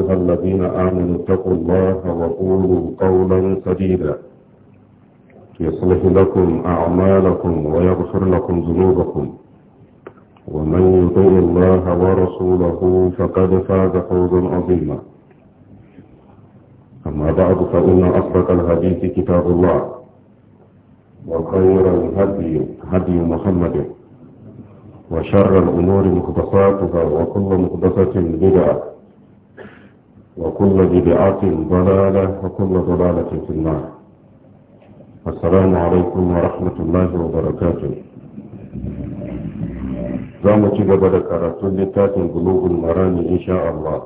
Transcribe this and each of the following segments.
أيها الذين آمنوا اتقوا الله وقولوا قولا سديدا يصلح لكم أعمالكم ويغفر لكم ذنوبكم ومن يطع الله ورسوله فقد فاز فوزا عظيما أما بعد فإن أصدق الحديث كتاب الله وخير الهدي هدي محمد وشر الأمور محدثاتها وكل محدثه بدعة وكل بدعة ضلالة وكل ضلالة في النار السلام عليكم ورحمة الله وبركاته زامة قبل كراتون لتات قلوب المرام إن شاء الله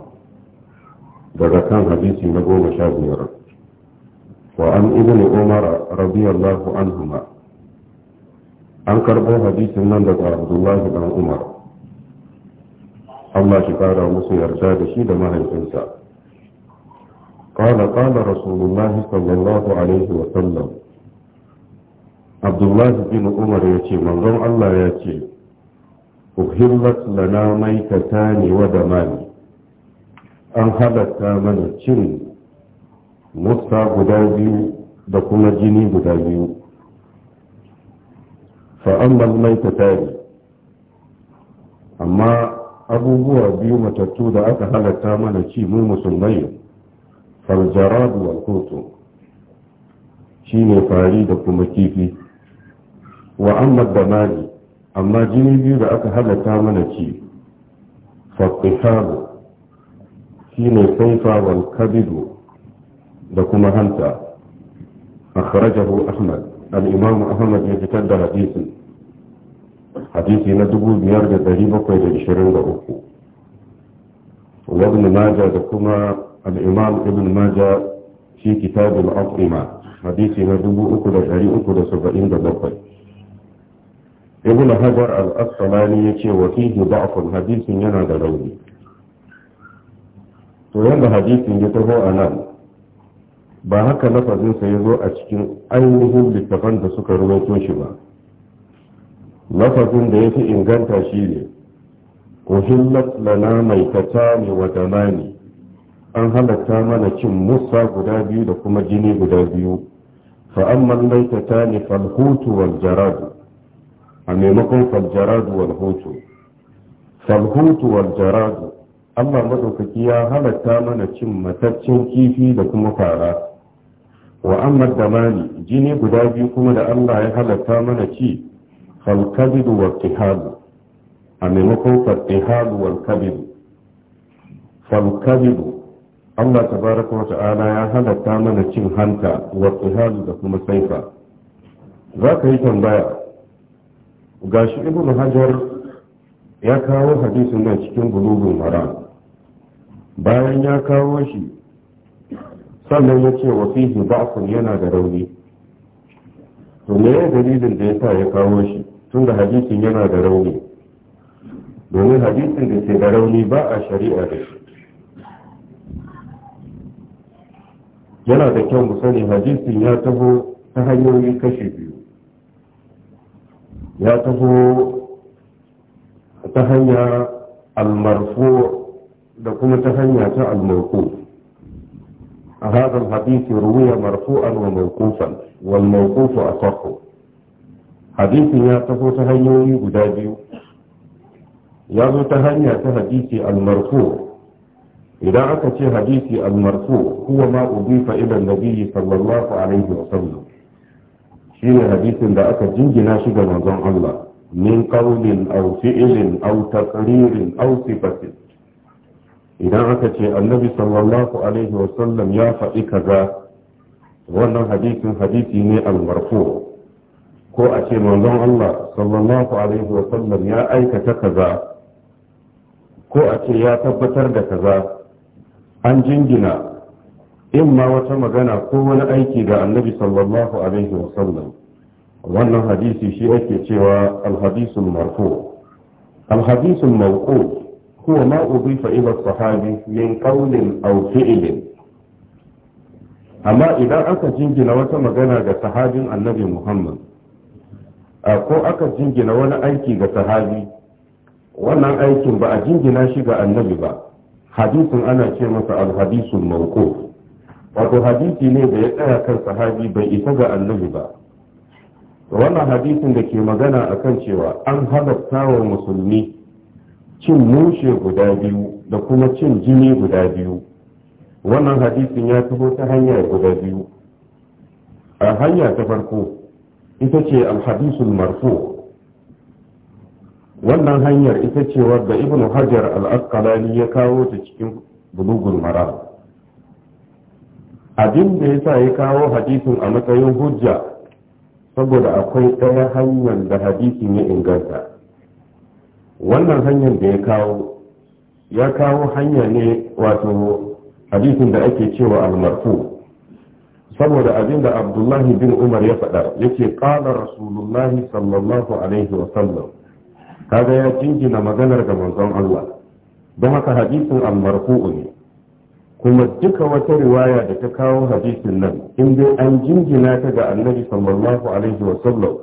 daga kan hadisi na goma sha biyar wa an ibn umar radiyallahu anhuma an karbo hadisin nan daga abdullahi dan umar Allah shi kara musu yarda da shi da mahaifinsa قال قال رسول الله صلى الله عليه وسلم عبد الله بن عمر يتي منظر الله يتي أهلت لنا ميتتان ودمان an halatta mana cin musta guda biyu da kuma jini guda biyu fa'amman mai tare amma abubuwa biyu matattu da aka halatta mana ci mu musulmai faljarad wal kotu fari da kuma kifi wa amma damani amma jini biyu da aka halatta mana ci faqihabu shi ne saifa wal kabidu da kuma hanta akhrajahu ahmad al ahmad ya fitar da hadisin hadisi na 5723 wa ibn majah da kuma الإمام ابن ماجة في كتاب الأطعمة حديث ندبو أكد شري أكد سبعين دبقي ابن حجر الأسقلاني يتي وفيه ضعف حديث ينا دلوني to yadda hadisin ya taho a nan ba haka lafazinsa ya zo a cikin ainihin littafan da suka rubuto shi ba lafazin da ya fi inganta shi ne lana mai kata mai wa damani an halatta mana cin musa guda biyu da kuma jini guda biyu fa'amman laitata ne falhutu wal jaradu a maimakon faljaradu wal hutu falhutu wal jaradu allah maɗaukaki ya halatta mana cin mataccen kifi da kuma fara wa amman damani jini guda biyu kuma da allah ya halatta mana ci falkabidu wal tihalu a maimakon faltihalu wal kabidu falkabidu Allah tabaraka wa ta'ala ya halatta mana cin hanta wa tsihalu da kuma saifa za ka yi tambaya Ga shi ibnu hajar ya kawo hadisin nan cikin gulubun mara bayan ya kawo shi sannan ya ce wa fihi ba'sun yana da rauni to me ya dalilin da ya sa ya kawo shi tunda hadisin yana da rauni domin hadisin da ke da rauni ba a shari'a da shi yana da kyau mu sani hadisin ya taho ta hanyoyi kashe biyu ya taho ta hanya almarfu da kuma ta hanya ta almarfu a hadal hadisi ruwiya marfu'an wa mawqufan wal mawqufu asahhu hadisin ya taho ta hanyoyi guda biyu ya zo ta hanya ta hadisi almarfu idan aka ce hadisi al-marfu huwa ma udifa ila nabiyyi sallallahu alaihi wa sallam shine hadisin da aka jingina shi ga manzon Allah min qawlin aw fi'lin aw taqririn aw sifatin idan aka ce annabi sallallahu alaihi wa sallam ya faɗi kaza wannan hadisin hadisi ne almarfu. ko a ce manzon Allah sallallahu alaihi wa sallam ya aikata kaza ko a ce ya tabbatar da kaza an jingina in ma wata magana ko wani aiki ga annabi sallallahu alaihi wasallam wannan hadisi shi ake cewa alhadisul marfu alhadisul mawqu huwa ma udifa ila sahabi min qawlin aw fi'lin amma idan aka jingina wata magana ga sahabin annabi muhammad ko aka jingina wani aiki ga sahabi wannan aikin ba a jingina shi ga annabi ba hadisin ana ce masa alhadisun manko wato hadisi ne da ya tsaya kan sahabi bai isa ga annabi ba wannan hadisin da ke magana a kan cewa an halatta wa musulmi cin mushe guda biyu da kuma cin jini guda biyu wannan hadisin ya taho ta hanya guda biyu a hanya ta farko ita ce alhadisun marfu wannan hanyar ita ce wadda ibn hajar al-asqalani ya kawo ta cikin bulugul maram abin da yasa ya kawo hadisin a matsayin hujja saboda akwai ɗaya hanyar da hadisin ya inganta wannan hanyar da ya kawo ya kawo hanya ne wato hadisin da ake cewa almarfu saboda abin da abdullahi bin umar ya faɗa yake ƙalar rasulullahi sallallahu alaihi wasallam kaga ya jingina maganar ga manzon Allah don haka hadisin almarfu'u ne kuma duka wata riwaya da ta kawo hadisin nan in dai an jingina ta ga annabi sallallahu alaihi wa sallam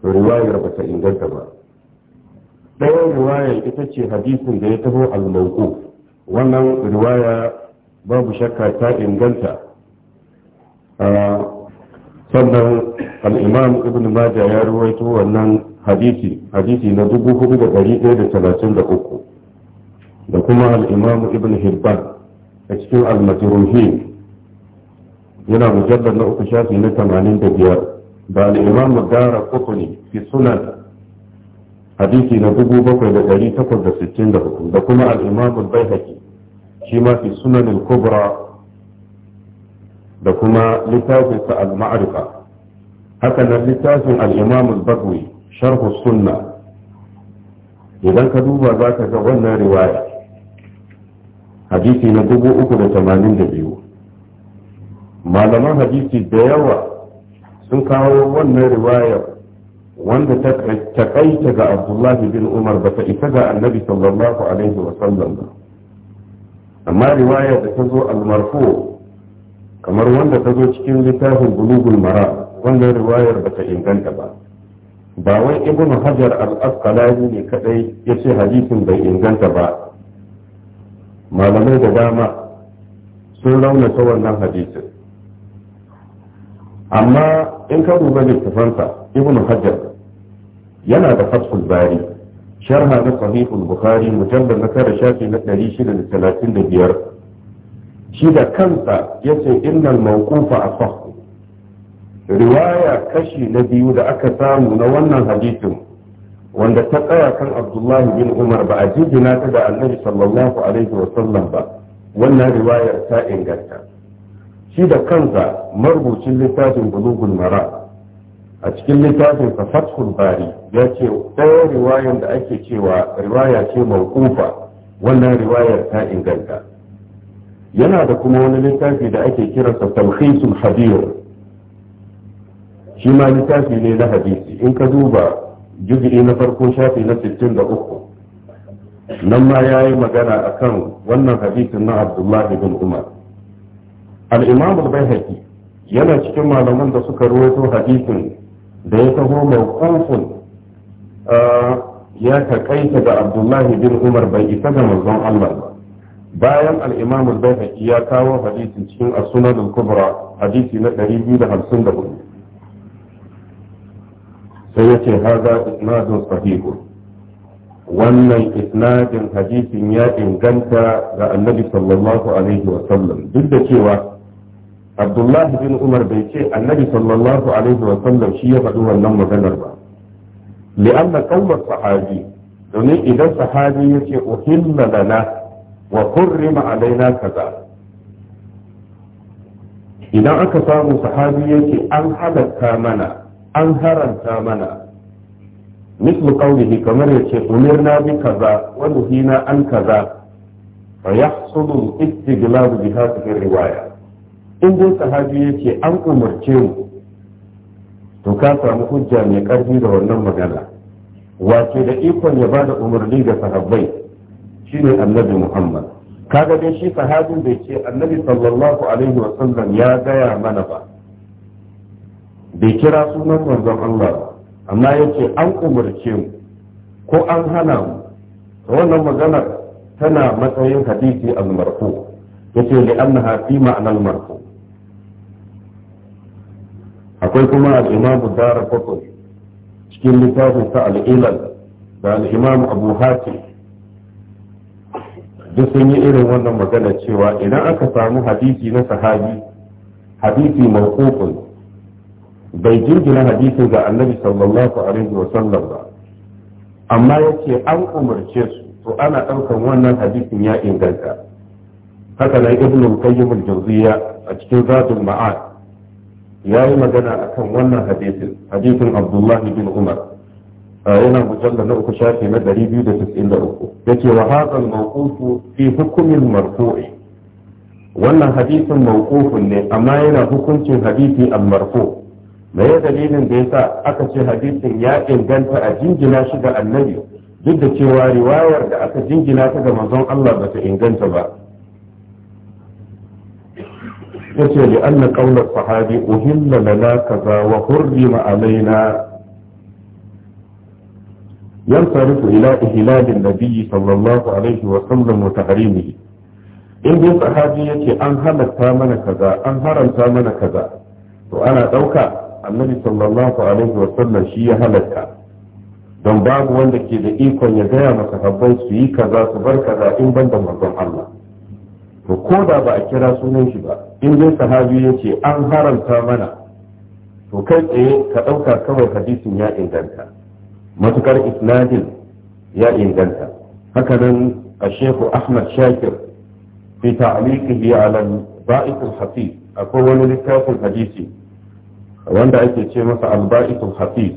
to riwayar ba ta inganta ba ɗaya riwayar ita ce hadisin da ya taho almauku wannan riwaya babu shakka ta inganta ah, sannan al'imam ibnu maja ya ruwaito wannan hadisi hadisi na 4133 da da da da talatin uku, kuma al ibn hibban a cikin al-majruhin yana mujallar na uku shafi na tamanin da biyar. al-imam dara qutni fi sunan hadisi na dubu bakwai da takwas da kuma da imam al-baihaqi shi ma fi sunan al-kubra da kuma littafin sa al-ma'rifa haka nan littafin al-imam al-bagwi sharhu sunna idan ka duba za ka ga wannan riwaya hadisi na dubu uku da tamanin da biyu malaman hadisi da yawa sun kawo wannan riwaya wanda ta takaita ga abdullahi bin umar ba ta isa ga annabi sallallahu alaihi wa sallam ba amma riwaya da ta zo almarfu kamar wanda ta zo cikin littafin bulugul mara wannan riwayar ba ta inganta ba ba wai ibn hajar al-asqalani ne kadai ya ce hadisin bai inganta ba malamai da dama sun ta wannan hadisin amma in ka duba littafansa ibn hajar yana da fathul bari sharha na sahihul bukhari mujallal na tara shafi na 635 shi da kansa yace innal mawqufa asah riwaya kashi na biyu da aka samu na wannan hadisin wanda ta tsaya kan abdullahi bin umar ba a jingina ta da annabi sallallahu alaihi wasallam ba wannan riwayar ta inganta shi da kansa marubucin littafin bulugul mara a cikin littafin sa fathul bari ya ce ɗaya riwayar da ake cewa riwaya ce mawqufa wannan riwayar ta inganta yana da kuma wani littafi da ake kiransa tawhisul hadir shi ma littafi ne na hadisi in ka duba jubi'i na farko shafi na 63 nan ma ya yi magana a kan wannan hadisin na abdullahi bin umar al'imam bai yana cikin malaman da suka ruwaito hadisin da ya taho mawqufun ya takaita da abdullahi bin umar bai isa ga manzon allah ba bayan al'imam bai ya kawo hadisin cikin as-sunan kubra hadisi na 254 sai ya ce haza isnadun sahihu wannan isnadin hadisin ya inganta ga annabi sallallahu alaihi wa sallam duk da cewa abdullahi bin umar bai ce annabi sallallahu alaihi wa sallam shi ya faɗi wannan maganar ba li'anna qawla sahabi domin idan sahabi ya ce uhilla lana wa kurrima alaina kaza idan aka samu sahabi yake an halatta mana an haranta mana mislu qawlihi kamar yace umirna bi kaza wa nuhina an kaza fa yahsulu al bi hadhihi riwaya in dai sahabi yace an umarce mu to ka samu hujja mai karfi da wannan magana wace da ikon ya bada umarni ga sahabbai shine annabi Muhammad kaga dai shi sahabin bai ce annabi sallallahu alaihi wa sallam ya gaya mana ba bai kira sunan manzon Allah amma yace an umarce mu ko an hana mu wannan magana tana matsayin hadisi al-marfu yace li annaha fi ma'anal marfu akwai kuma al-imam Darqutni cikin littafin sa al-ilal da al-imam Abu Hatim duk sun yi irin wannan magana cewa idan aka samu hadisi na sahabi hadisi mawqufun bai jingina hadisin ga annabi sallallahu alaihi wa sallam ba amma yace an umarce su to ana ɗaukan wannan hadisin ya inganta haka nan ibn al-qayyim al-jawziyya a cikin zadul ma'ad yayi magana akan wannan hadisin hadisin abdullahi bin umar yana mujalla na uku shafi na 293 yace wa hadha al-mawqufu fi hukm al-marfu'i wannan hadisin mawqufun ne amma yana hukuncin hadisi al-marfu' me ya dalilin da sa aka ce hadisin ya inganta a jingina shi ga annabi duk da cewa riwayar da aka jingina ta ga manzon Allah bata inganta ba yace li anna qawl sahabi uhilla lana kaza wa hurrima alaina ينصرف إلى إهلال النبي صلى الله عليه وسلم وتحريمه in dai sahabi yake an halatta mana kaza an haramta mana kaza to ana ɗauka annabi sallallahu alaihi wa sallam shi ya halatta don babu wanda ke da ikon ya gaya masa habban su yi kaza su bar kaza in ban da manzon Allah to ko da ba a kira sunan shi ba in dai sahabi ya ce an haramta mana to kai tsaye ka ɗauka kawai hadisin ya inganta matukar isnadin ya inganta haka nan a shehu ahmad shakir fi ta'liqihi ala ba'ith al-hafiz akwai wani littafin hadisi wanda ake ce masa alba'itul hafiz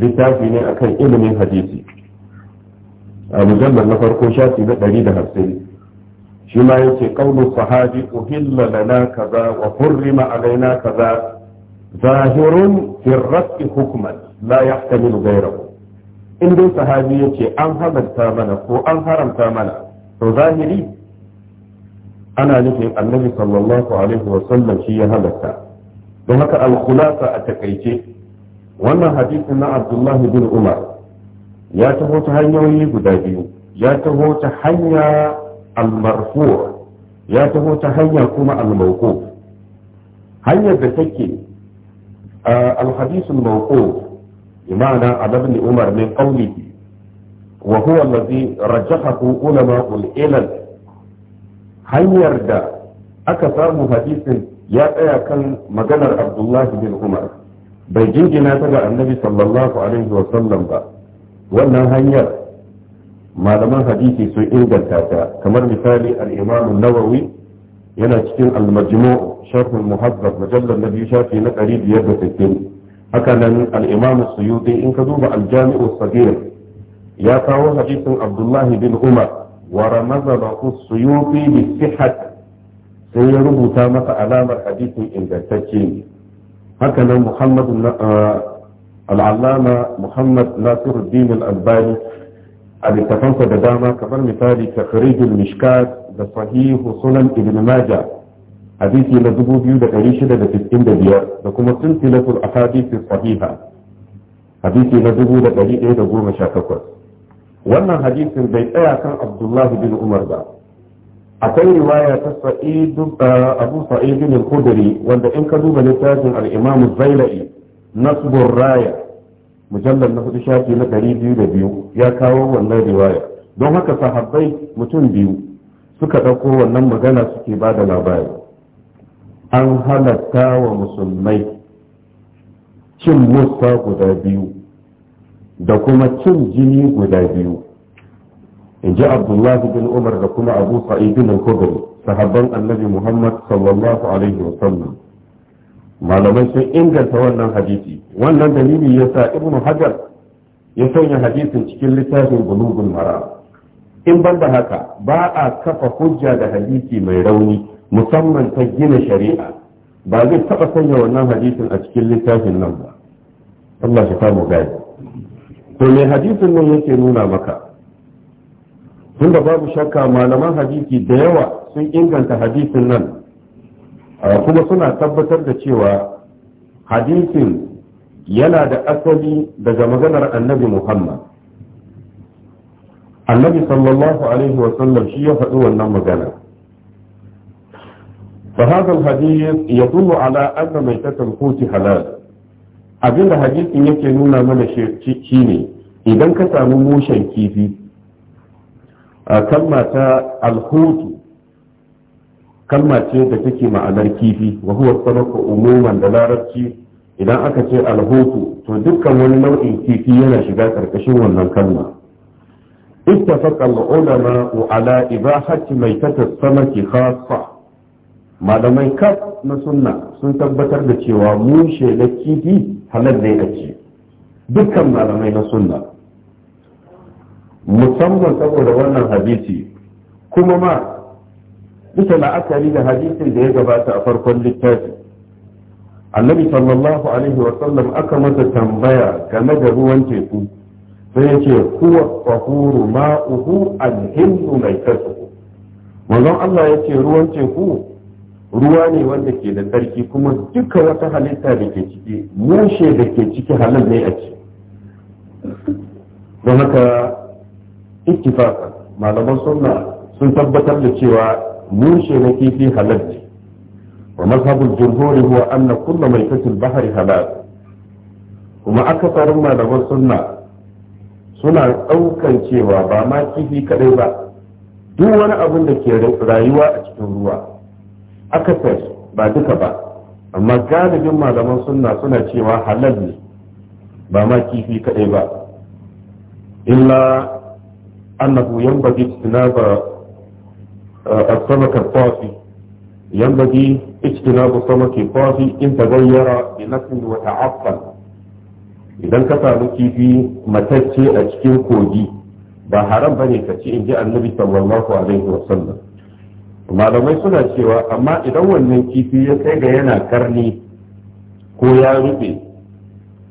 littafi ne akan ilimin hadisi a mujallar na farko shafi na ɗari da hamsin shi ma ya ce ƙaunin sahabi uhilla lana kaza wa hurrima alaina kaza zahirun fi rafi hukuman la yahtamilu lugaira. in dai sahabi ya ce an halarta mana ko an haramta mana to zahiri ana nufin annabi sallallahu alaihi wa shi ya halarta don haka al a takaice wannan hadisin na abdullahi bin umar ya taho ta hanyoyi guda biyu ya taho ta hanya al ya taho ta hanya kuma almauko. hanyar da take al mauko imana mawquf umar min qawlihi wa huwa alladhi rajahahu ulama al hanyar da aka samu hadisin ya tsaya kan maganar abdullahi bin umar bai jingina ta ga annabi sallallahu alaihi wa sallam ba wannan hanyar malaman hadisi sun inganta ta kamar misali al-imam nawawi yana cikin al-majmu' sharh al-muhaddab mujallal na biyu shafi na 560 haka nan al-imam suyuti in ka duba al-jami'u sagir ya kawo hadisin abdullahi bin umar wa ramaza lahu suyuti bi sai ya rubuta masa alamar hadisin ingantacce ne haka nan muhammad al'allama muhammad nasiruddin al'albani a littafansa da dama kamar misali takharijul mishkat da sahihu sunan ibn majah hadisi na 2695 da kuma silsilatul ahadith sahiha hadisi na 1118 wannan hadisin bai tsaya kan abdullahi bin umar ba akwai riwaya ta uh, abu sa'idu ne khudri wanda in ka duba littafin al zailai nasbur raya mujallar na hudu shafi na ɗari biyu da biyu ya kawo wannan riwaya don haka sahabbai mutum biyu suka ɗauko wannan magana suke ba da labari an halatta wa musulmai cin musta guda biyu da kuma cin jini guda biyu in ji abdullahi bin umar da kuma abu sa'idin al-khudri sahabban annabi muhammad sallallahu alaihi wa sallam malamai sun inganta wannan hadisi wannan dalili yasa ibnu hajar ya sanya hadisin cikin littafin bulugul mara in ban da haka ba a kafa hujja da hadisi mai rauni musamman ta gina shari'a ba zai taɓa sanya wannan hadisin a cikin littafin nan ba Allah shi samu gaya to me hadisin nan yake nuna maka tunda babu shakka malaman hadisi da yawa sun inganta hadisin nan kuma suna tabbatar da cewa hadisin yana da asali daga maganar annabi muhammad annabi sallallahu alaihi wasallam shi ya faɗi wannan magana فهذا الحديث يدل على أن ميتة الحوت حلال abin da hadisin yake nuna mana shi ne idan ka sami mushen kifi kalma ta alhutu kalma ce da take ma'anar kifi wa huwa sanaka umuman da larabci idan aka ce alhutu to dukkan wani nau'in kifi yana shiga karkashin wannan kalma اتفق العلماء على mai ميتة samaki khassa malamai kaf na sunna sun tabbatar da cewa mushe da kifi halal ne a ce dukkan malamai na sunna musamman saboda wannan hadisi kuma ma bisa la'akari da hadisin da ya gabata a farkon littafi annabi sallallahu alaihi wa sallam aka masa tambaya game da ruwan teku sai ya ce huwa tahuru ma'uhu al-hindu mai kasu manzon Allah ya ce ruwan teku ruwa ne wanda ke da tsarki kuma duka wata halitta da ke ciki mushe da ke ciki halin ne a ce don haka ittifaqan malaman sunna sun tabbatar da cewa mushe na kifi halal ne wa mazhabul jumhur huwa anna kullu maitatil bahri halal kuma akasarin malaman sunna suna daukan cewa ba ma kifi kadai ba duk wani abin da ke rayuwa a cikin ruwa akasar ba duka ba amma galibin malaman sunna suna cewa halal ne ba ma kifi kadai ba illa أنه ينبغي اجتناب آه، السمك الطافي ينبغي اجتناب السمك الطافي إن تغير بنفس وتعقل إذا كتبت في متجي أشكين كودي بحرم بني كتي إن جاء النبي صلى الله عليه وسلم ما لم يصنع سوى أما إذا أول من كيفي يتعيق ينا كرني كويا ربي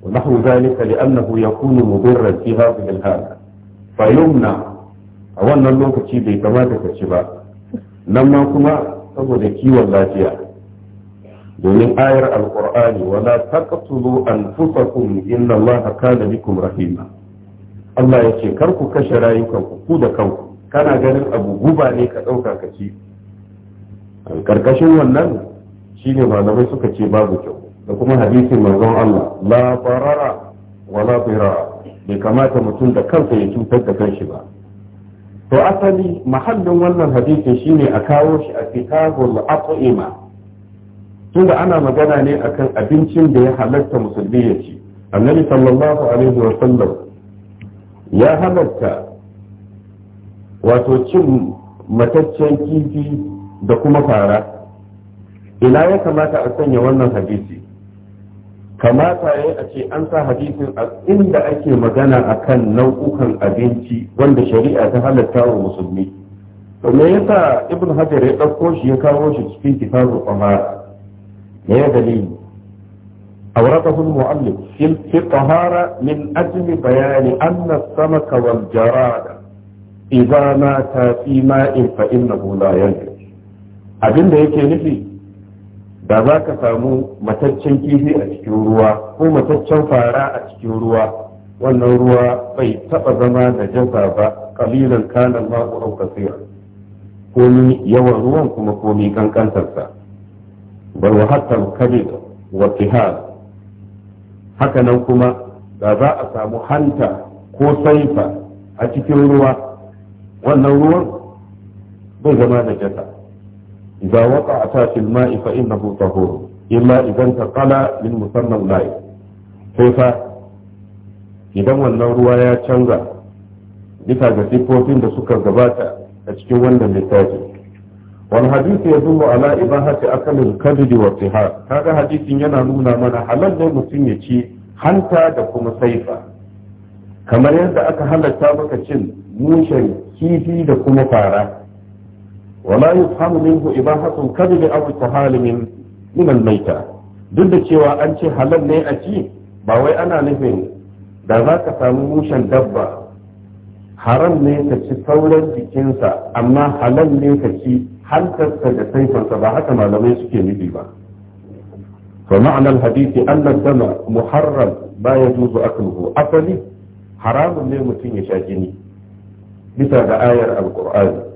ونحو ذلك لأنه يكون مضرا في هذه الهالة فيمنع a wannan lokaci bai kamata ka ci ba nan ma kuma saboda kiwon lafiya domin ayar alkur'ani wala taqtulu anfusakum inna allaha kana bikum rahima Allah ya ce kar ku kashe rayukan ku da kanku kana ganin abu guba ne ka ɗauka ka ci karkashin wannan shine malamai suka ce babu kyau da kuma hadisin manzon Allah la barara wala birara bai kamata mutum da kansa ya cutar da kanshi ba to asali mahallin wannan hadisin shine a kawo shi a kitabul at'ima tunda ana magana ne akan abincin da ya halatta musulmi ya ci annabi sallallahu alaihi wa sallam ya halatta wato cin mataccen kifi da kuma fara ina ya kamata a sanya wannan hadisi kamata ya a ce an sa hadisin a inda ake magana a kan nau'ukan abinci wanda shari'a ta halatta wa musulmi to me yasa ibn hajar ya ɗauko shi ya kawo shi cikin kitabul qamar me ya dalili awratahu al-mu'allif fi tahara min ajli bayani anna samaka wal jarada idza mata fi ma'in fa innahu la abinda yake nufi da za ka samu mataccen kifi a cikin ruwa ko mataccen fara a cikin ruwa wannan ruwa bai taɓa zama da jasa ba kalilan kanan ma'u au kasira komi yawan ruwan kuma komi kankantarsa bal wa hatta kabid wa tihal haka nan kuma da za a samu hanta ko saifa a cikin ruwa wannan ruwan bai zama da jasa إذا وقعتا في الماء فإنه طهور إلا إذا انتقل من مسمى الماء كيف idan wannan ruwa ya canza bisa ga siffofin da suka gabata a cikin wannan littafi Wani hadisi ya zumu ala ibahati akalil kadidi wa tihar kaga hadisin yana nuna mana halal mutum ya ci hanta da kuma saifa kamar yadda aka halatta maka cin mushen kifi da kuma fara wala yufhamu minhu ibahatul kadhib aw tahal min min al duk da cewa an ce halal ne a ci ba wai ana nufin da za ka samu mushen dabba haram ne ka ci sauran jikinsa amma halal ne ka ci hantarsa da saifarsa ba haka malamai suke nufi ba fa ma'anar hadisi annan dama muharram ba ya zuzu akluhu asali haramun ne mutum ya sha jini bisa ga ayar alkur'ani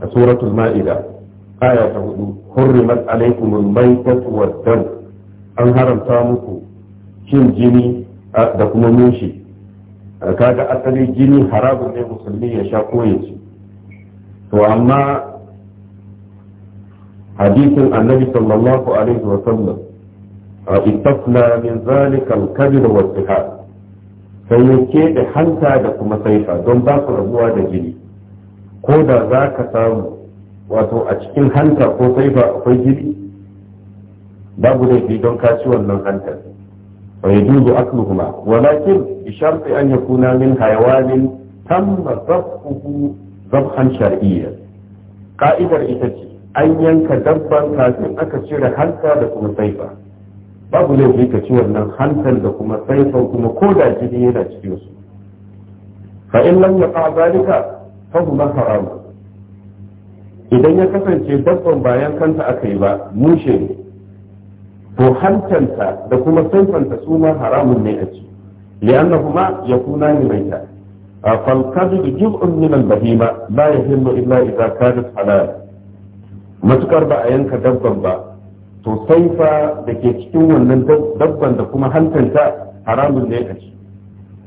a suratul ma'ida aya ta hudu hurrimat alaikumul maitatu wad dam an haramta muku cin jini da kuma mushi kaga asali jini haramun ne musulmi ya sha ko ya ci to amma hadisin annabi sallallahu alaihi wa sallam istafna min zalika al-kabir wa sai ya keɓe hanta da kuma saifa don ba su rabuwa da gini. ko da za ka samu wato a cikin hanta ko saifa akwai jiri babu laifi don ka ci wannan hantar wa yajuzu akluhuma walakin bi sharti an yakuna min hayawanin tamma zabhuhu zabhan shar'iyya ka'idar ita ce an yanka dabban kafin aka cire hanta da kuma saifa babu laifi ka ci wannan hantar da kuma saifan kuma ko da jini yana cikinsu su fa lam yaqa zalika fahuma haramu idan ya kasance dabban bayan kanta aka yi ba mushe ne to hantanta da kuma saifanta su ma haramun ne a ci kuma li'annahuma yakuna ni maita فالكذب جزء من البهيمة illa يهم إلا إذا كانت halal matukar ba a yanka dabban ba to saifa da ke cikin wannan dabban da kuma hantanta haramun ne a ci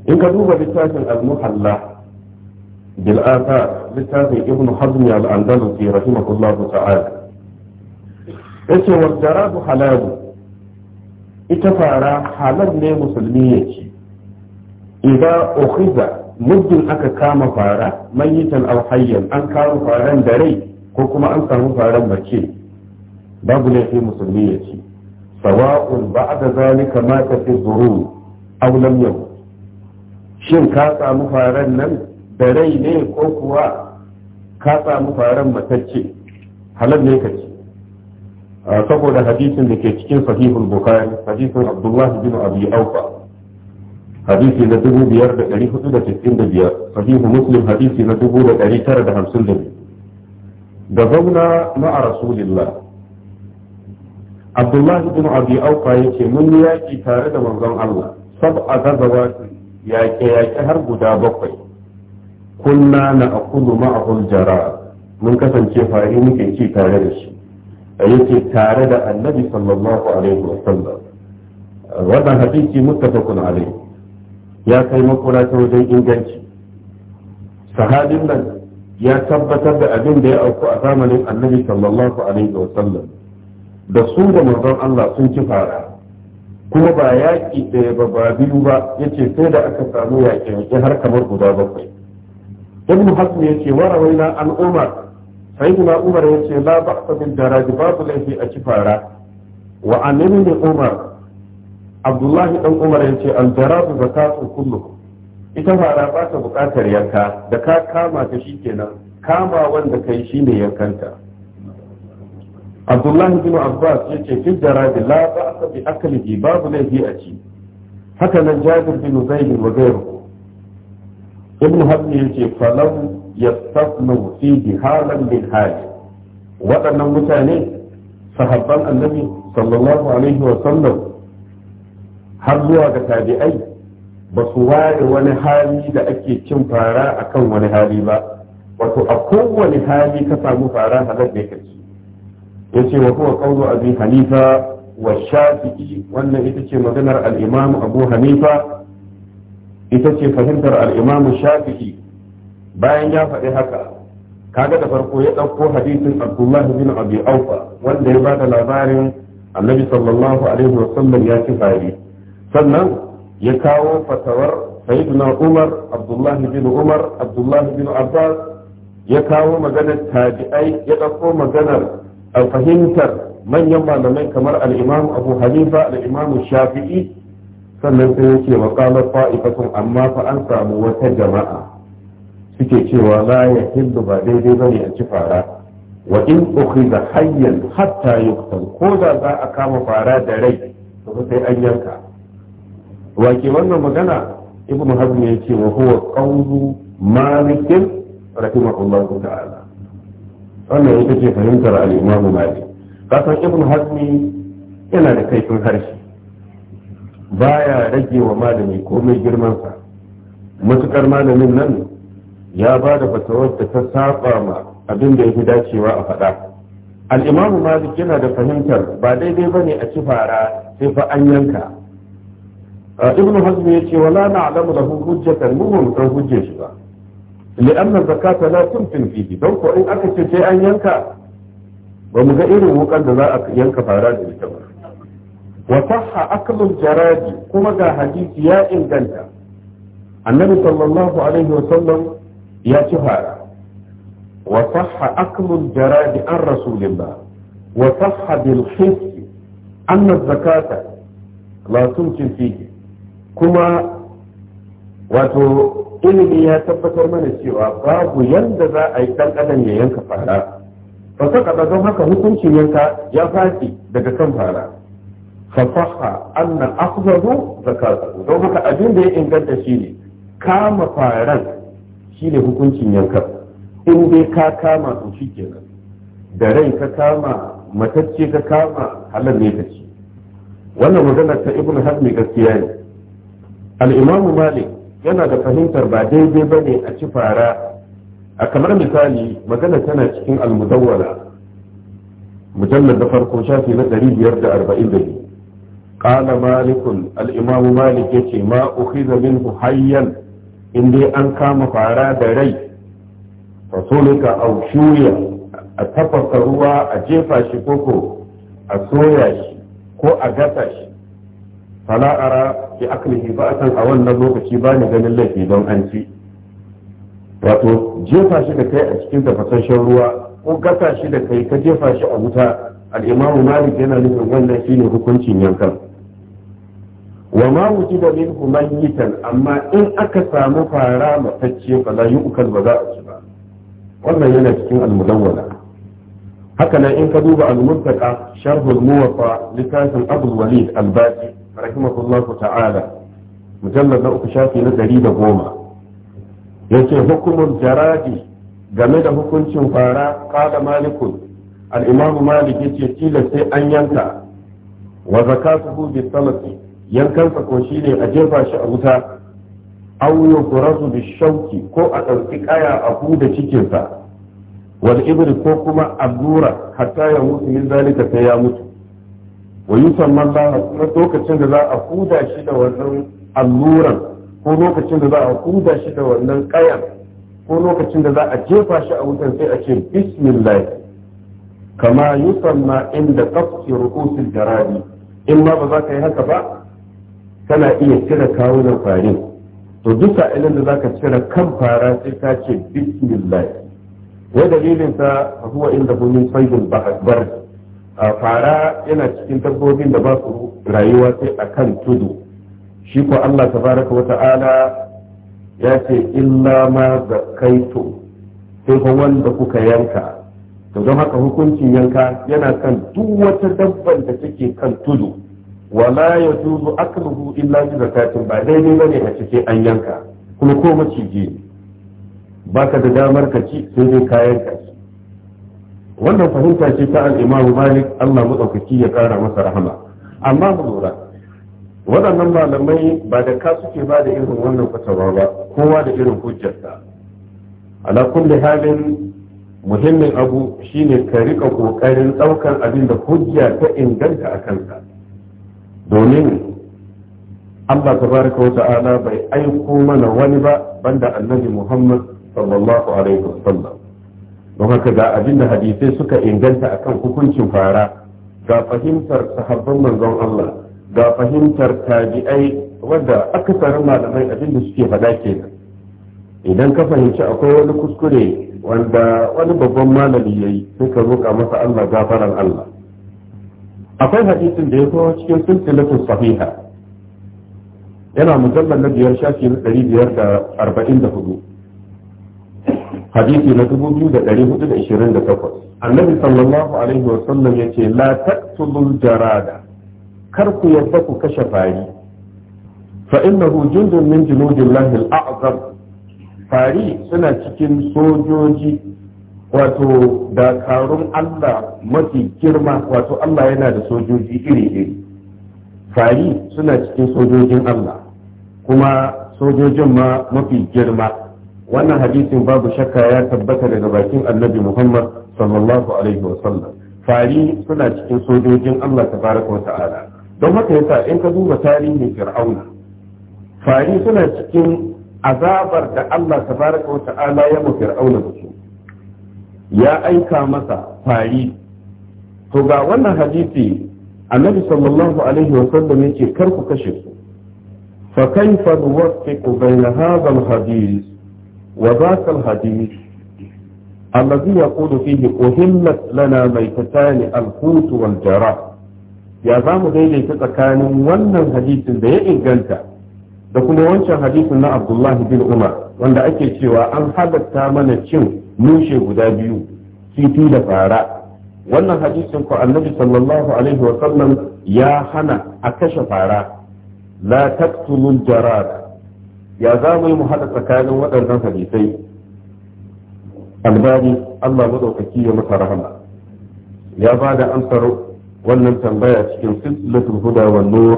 in ka duba littafin al-muhalla bil littafin ibn hazm al-andalusi rahimahullahu ta'ala yace wa jarabu halalu ita fara halar ne musulmi ya ci idan ukhiza muddin aka kama fara mayitan aw hayyan an kama faran da rai ko kuma an samu farar mace babu laifi musulmi ya ci sawa'un ba'da zalika ma ta fi zurur aw lam yakun shin ka samu farar nan da ne ko kuwa ka samu faran matacce halal ne ka ci saboda hadisin da ke cikin sahihul bukhari hadisin abdullahi bin abi aufa hadisi na dubu biyar da ɗari hudu da cikin da biyar sahihu muslim hadisi na dubu da ɗari tara da hamsin da biyu da zauna ma'a rasulillah abdullahi bin abi aufa ya ce mun yaƙi tare da manzon allah sab a gazawa yaƙe-yaƙe har guda bakwai kunna na a aqulu ma'ahul jara mun kasance fari muke ci tare da shi yace tare da annabi sallallahu alaihi wa sallam. wannan hadisi muttafaqun alaihi ya kai makura ta wajen inganci sahabin nan ya tabbatar da abin da ya auku a zamanin annabi sallallahu alaihi wa sallam. da su da manzon Allah sun ci fara kuma ba yaƙi ɗaya ba ba biyu ba yace sai da aka samu yaƙe-yaƙe har kamar guda bakwai ibn hazm yace wa rawaina an umar sayyidina umar yace la ba'sa bil daraj babu laifi a kifara wa an ibn umar abdullahi dan umar yace al daraj zakatu kullu ita fara ba ta bukatar yanka da ka kama ta shikenan kama wanda kai shine yankanta abdullahi bin abbas yace fi daraj la ba'sa bi aklihi babu laifi a ci haka nan jabir bin zaid wa ghayruhu ibn hazmi yace falam yastafnu fi jihalan bin hajj waɗannan mutane sahabban annabi sallallahu alaihi wa sallam har zuwa ga tabi'ai ba su ware wani hali da ake cin fara akan wani hali ba wato a kowane hali ka samu fara halar da yake yace wa huwa qawlu abi hanifa wa shafi'i wannan ita ce maganar al'imam abu hanifa ita ce fahimtar al'imamu shafi'i bayan ya faɗi haka kaga da farko ya ɗauko hadisin abdullahi bin abi aufa wanda ya bada labarin annabi sallallahu alaihi sallam ya ci fari sannan ya kawo fatawar sayyidina umar abdullahi bin umar abdullahi bin abbas ya kawo maganar tabi'ai ya ɗauko maganar fahimtar manyan malamai kamar al-imam abu hanifa al-imam shafi'i sannan sai ya ce maƙalar fa'ifatun amma fa an samu wata jama'a suke cewa la ya hindu ba daidai bane a ci fara wa in ukhiza hayyan hatta yuqtal ko da za a kama fara da rai to sai an yanka wa ke wannan magana ibn hazm ya ce wa huwa qawlu malik rahimahullah ta'ala wannan ita ce fahimtar al-imam malik kasan ibn hazm yana da kaifin harshe baya rage wa malami komai girmansa matukar malamin nan ya ba da fatawar da ta saba ma abin da ya fi dacewa a faɗa al'imamu malik yana da fahimtar ba daidai ba ne a ci fara sai fa an yanka ibn hazmi ya ce wala na alamu da hujjatan mu mun san hujje shi ba li'anna zakata la tumkin fihi don ko in aka ce sai an yanka ba mu ga irin wukan da za a yanka fara da ita ba wa sahha aklul kuma ga hadisi ya inganta annabi sallallahu alaihi wasallam ya ci fara wa sahha aklul jaraji an rasulillah wa sahha bil hiss anna zakata la tumkin fihi kuma wato ilimi ya tabbatar mana cewa babu yadda za a yi dan ya yanka fara fa saka haka hukuncin yanka ya fashi daga kan fara fasaha anna afzahu zakatu don haka abin da ya inganta shine kama faran shine hukuncin yanka in dai ka kama to shikenan da rai ka kama matacce ka kama halal ne ka ci wannan magana ta ibnu hazmi gaskiya ne al-imamu malik yana da fahimtar ba daidai bane a ci fara a kamar misali magana tana cikin al-mudawwala mujallad da farko shafi na 542 qala malikun al-imamu malik yace ma ukhiza minhu hayyan in dai an kama fara da rai fasulika aw shuya a tafasa ruwa a jefa shi koko a soya shi ko a gasa shi fala ara bi aklihi ba'atan a wannan lokaci ba ni ganin laifi don an ci wato jefa shi da kai a cikin tafasasshen ruwa ko gasa shi da kai ka jefa shi a wuta al-imamu malik yana nufin wannan shine hukuncin yankan wa ma wujida minhu mayyitan amma in aka samu fara matacce fa la yu'kal ba za a ci ba wannan yana cikin al-mudawwala haka nan in ka duba al-murtaqa sharh al-muwatta littafin Abu Walid al-Baqi rahimahullahu ta'ala mujallad na uku shafi na 110 yace hukumul jaradi game da hukuncin fara qala malikun al-imam malik yace tilastai an yanka wa zakatuhu bi salati yankansa ko shi ne a jefa shi a wuta auyo rasu da shauki ko a ɗauki kaya a huda cikinsa Wani ibri ko kuma allura hatta ya mutu min zalika sai ya mutu wa yusamman laha kuma lokacin da za a huda shi da wannan alluran ko lokacin da za a huda shi da wannan kayan ko lokacin da za a jefa shi a wutan sai a ce bismillah kama yusamma inda qasfi rukusin jarabi in ma ba za ka yi haka ba kana iya cire kawunan fari to duk sa'ilin da ka cire kan fara sai ka ce bismillah wai dalilin sa huwa inda bu min sayyidul bahar fara yana cikin dabbobin da ba su rayuwa sai akan tudu shi ko Allah tabaraka wata'ala ya ce illa ma zakaitu sai ko wanda kuka yanka to don haka hukuncin yanka yana kan duk wata dabban da take kan tudu wala ya aka akluhu illa bi kafin ba daidai bane a cikin an yanka kuma ko maciji ne baka da damar ka ci sai dai wannan fahimta ce ta al-Imam Malik Allah madaukaki ya kara masa rahama amma mu lura waɗannan malamai ba da ka suke ba da irin wannan fatawa ba kowa da irin hujjarsa ala kulli halin muhimmin abu shine ka rika kokarin ɗaukan abin da hujja ta inganta a kansa domin Allah tabaraka wa ta'ala bai aiko mana wani ba banda annabi Muhammad sallallahu alaihi wasallam don haka ga abin hadisai suka inganta akan hukuncin fara ga fahimtar sahabban manzon Allah ga fahimtar tabi'ai wanda tsara malamai abinda suke faɗa kenan idan ka fahimci akwai wani kuskure wanda wani babban malami yayi sai ka roƙa masa Allah gafaran Allah akwai hadisin da ya zo cikin silsilatu sahiha yana mujallal na biyar shafi na ɗari biyar da arba'in da hudu hadisi na dubu biyu da ɗari hudu da ishirin da takwas annabi sallallahu alaihi wa sallam ya ce la taqtulul jarada kar ku yadda ku kashe fari fa innahu jundun min junudillahi al'azam azam fari suna cikin sojoji wato dakarun Allah mafi girma wato Allah yana da sojoji iri-iri fari suna cikin sojojin Allah kuma sojojin ma mafi girma wannan hadisin babu shakka ya tabbata daga bakin annabi Muhammad sallallahu alaihi sallam. fari suna cikin sojojin Allah tabaraka wa ta'ala don haka yasa in ka duba tarihin fir'auna fari suna cikin azabar da Allah tabaraka wa ta'ala ya mu fir'auna da su ya aika masa fari to ga wannan hadisi annabi sallallahu alaihi wasallam yake karku kashe su fa kaifa nuwaffiqu bayna hadha alhadith wa dhaka alhadith الذي يقول فيه أهلت لنا ميتتان الحوت والجراح يا daidaita tsakanin wannan ونن da ya inganta? Da kuma wancan hadisin na Abdullahi bin Umar wanda ake cewa an halatta mana cin nushe guda biyu titi da fara wannan hadisin ko annabi sallallahu alaihi wa sallam ya hana a kashe fara la taqtulul jarar. ya za mu yi mu tsakanin waɗannan hadisai albani Allah madaukaki ya masa rahama ya ba da amsar wannan tambaya cikin silsilatul huda wan nur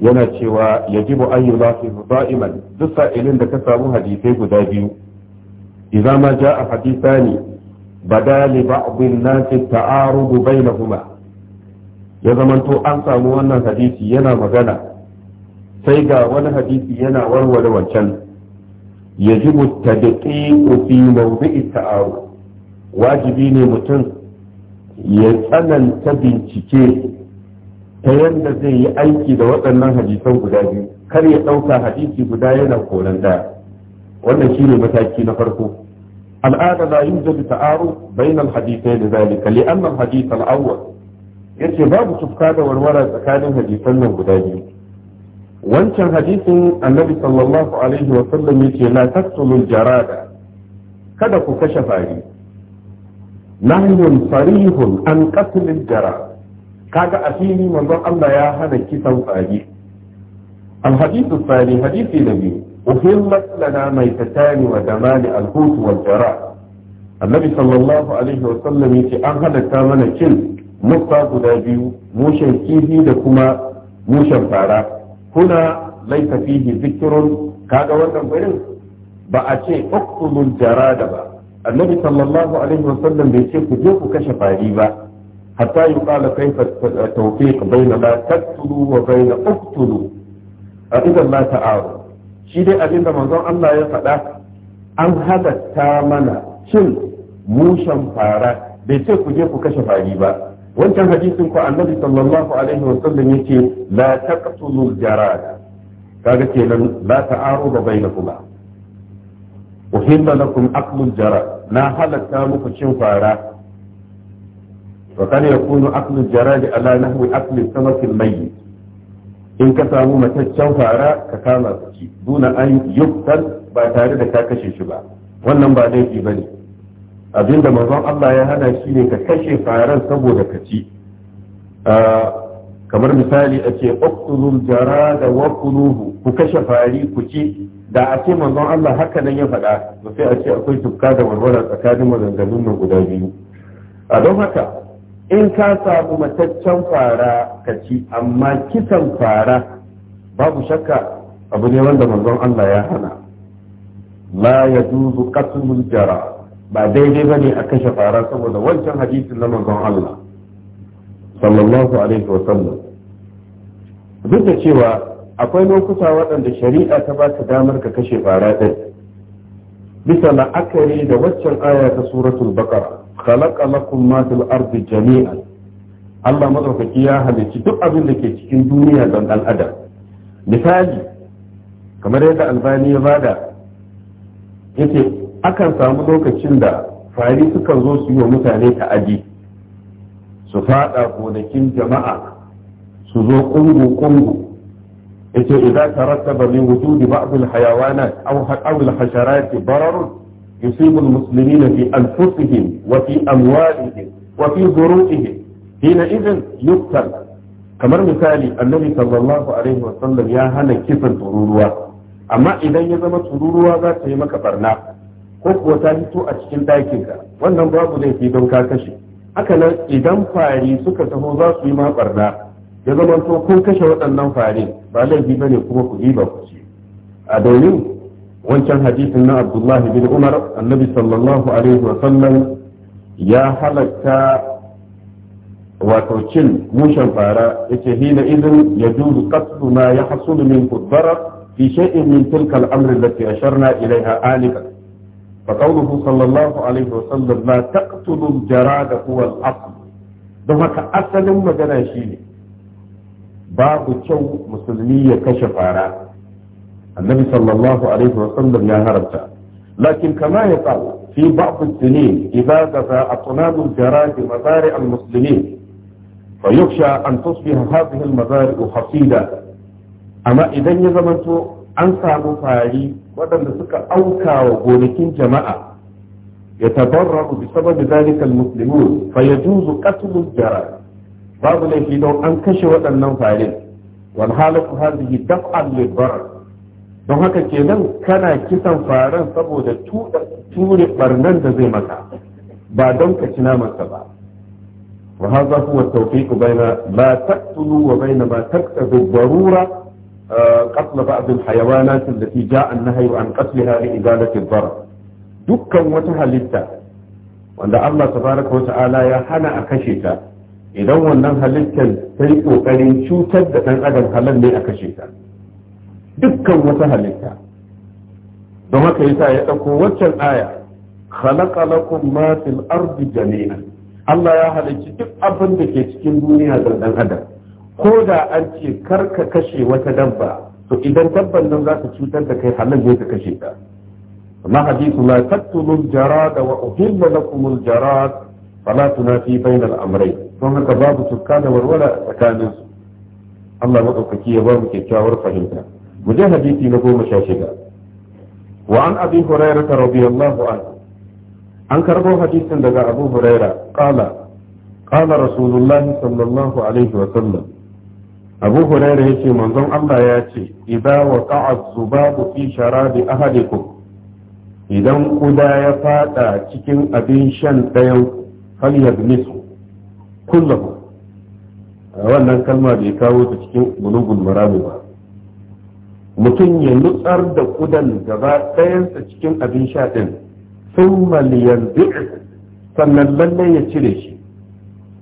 yana cewa yajibu an yudafi da'iman duk sa'ilin da ka samu hadisai guda biyu idza ma jaa hadithani badali ba'd an-nas na kuma. ya zamanto an samu wannan hadisi yana magana sai ga wani hadisi yana warware wancan yajibu tadqiqu fi mawdi'i ta'arud wajibi ne mutum ya tsananta bincike ta yadda zai yi aiki da waɗannan hadisan guda biyu kar ya ɗauka hadisi guda yana koran ɗaya. wannan shine mataki na farko الآن لا يوجد تعارض بين الحديثين ذلك لأن الحديث الأول يأتي باب سبقان والورى زكان حديثا من وانت حديث النبي صلى الله عليه وسلم يأتي لا تكتم الجرادة كذا كشف نهي صريح عن قتل الجرادة كاد أفيني من ضر الله يا هذا الكتاب كيف الحديث الثاني حديث نبيه أهمت لنا ميتتان ودمان الحوت والجراء النبي صلى الله عليه وسلم يتي أهل التامنة كل نقطة قدابيو موشا كيفي لكما موشا فارا هنا ليس فيه ذكر كاغا وردن فرن بأتي اقتلوا الجراد با النبي صلى الله عليه وسلم بيتي كجوك كشفاري با حتى يقال كيف التوفيق بين ما تقتلوا وبين اقتلوا إذا ما تعارض shi dai abin da manzon Allah ya faɗa an halatta mana cin mushen fara bai ce ku je ku kashe fari ba wancan hadisin ku annabi sallallahu alaihi wa sallam yake la taqtulul jarad kaga kenan la ta'aruda bainakuma uhilla lakum aqlul jarad na halatta muku cin fara wa kana yakunu aqlul jarad ala nahwi aqli samaki al-mayyit in ka samu mataccen fara ka kama su ci duna an yuktar ba tare da ka kashe shi ba wannan ba laifi ba ne abinda manzon Allah ya hana shi ne ka kashe faran saboda ka ci ah, kamar misali a ce uqtulul jarada wa quluhu ku kashe fari ku ci da a ce manzon Allah haka nan ya faɗa ba sai a ce akwai tukka da warwara tsakanin maganganun nan guda biyu a don haka in ka samu mataccen fara ka ci amma kisan fara babu shakka abu ne wanda manzon Allah ya hana la ya duzu qatmul jara ba daidai bane a kashe fara saboda wancan hadisin na manzon Allah sallallahu alaihi wa sallam duk da cewa akwai lokuta waɗanda shari'a ta ba ka damar ka kashe fara ɗin bisa la'akari da waccan aya ta suratul baqara khalaqa lakum ma fil ardi jami'an Allah madaukaki ya halicci duk abin da ke cikin duniya don dan adam misali kamar yadda albani ya bada yace akan samu lokacin da fari sukan zo su yi wa mutane ta'adi su fada gonakin jama'a su zo kungu kungu yace idza tarattaba min wujudi ba'd al hayawanat aw aw al hasharat bararun يصيب المسلمين في أنفسهم وفي أموالهم وفي ذروئهم حينئذ يقتل kamar misali annabi sallallahu alaihi wasallam ya hana kisan tururuwa amma idan ya zama tururuwa za ta yi maka ɓarna, ko kuwa ta fito a cikin ɗakinka wannan babu laifi don ka kashe haka nan idan fari suka taho za su yi ma barna ya zama to kun kashe waɗannan fari ba laifi bane kuma ku ba ku ci a domin wancan hadisin na abdullahi bin umar annabi sallallahu alaihi wasallam ya halatta wato cin mushen fara yace hina idan ya juzu qasdu ma yahsulu min qudara fi shay'in min tilka al-amr allati asharna ilayha alika فقوله صلى الله عليه وسلم لا تقتلوا الجراد هو الأصل don haka asalin magana shi ne babu kyau musulmi ya kashe fara annabi sallallahu alaihi wa sallam ya haramta lakin kama ya qala fi ba'd as-sinin idza qata atnab al-jarad mazari' al-muslimin فيخشى أن تصبح هذه المزارع حصيدة أما إذا يزمنتو أن سامو فاري ودن سكا أوكا وغولكين جماعة يتضرر بسبب ذلك المسلمون فيجوز قتل الجرى بعض الذين أنكشوا أن فارين والحالة هذه دفعا للضرر don haka kenan kana kisan faran saboda ture barnan da zai maka ba don ka ci namansa ba wa hadha huwa at-tawfiq bayna ma taqtulu wa bayna ma taqtadu darura uh, qatl ba'd al-hayawanat allati ja'a an-nahyu an qatlaha li izalati ad dukkan wata halitta wanda Allah tabaraka wa ta'ala ya hana a kashe ta idan wannan halittar ta yi kokarin cutar da dan adam halal ne a kashe ta dukkan wata halitta don haka yasa ya dauko waccan aya khalaqa lakum ma fil ardi jami'an Allah ya halicci duk abin da ke cikin duniya da dan adam ko da an ce karka kashe wata dabba to idan dabban nan za ta cutar da kai halal ne ka kashe ta amma hadithu la taqtulul jarada wa uhilla lakumul jarad fala tunafi bainal amrayn don haka babu tukka da warwara tsakaninsu Allah maɗaukaki ya ba mu kyakkyawar fahimta مجھے حدیثی نبو مشاشدہ وعن أبي هريرة رضي الله عنه أنكر بو حديث لدى أبو هريرة قال قال رسول الله صلى الله عليه وسلم أبو هريرة يتي منظم الله ياتي إذا وقع الذباب في شراب أحدكم idan kuda ya fada cikin abin shan ɗayan falyar nisu kullahu wannan kalma bai kawo ta cikin bulugun marabu ba mutum ya nutsar da kudan gaba ɗayansa cikin abin sha ɗin sun maliyan sannan lallai ya cire shi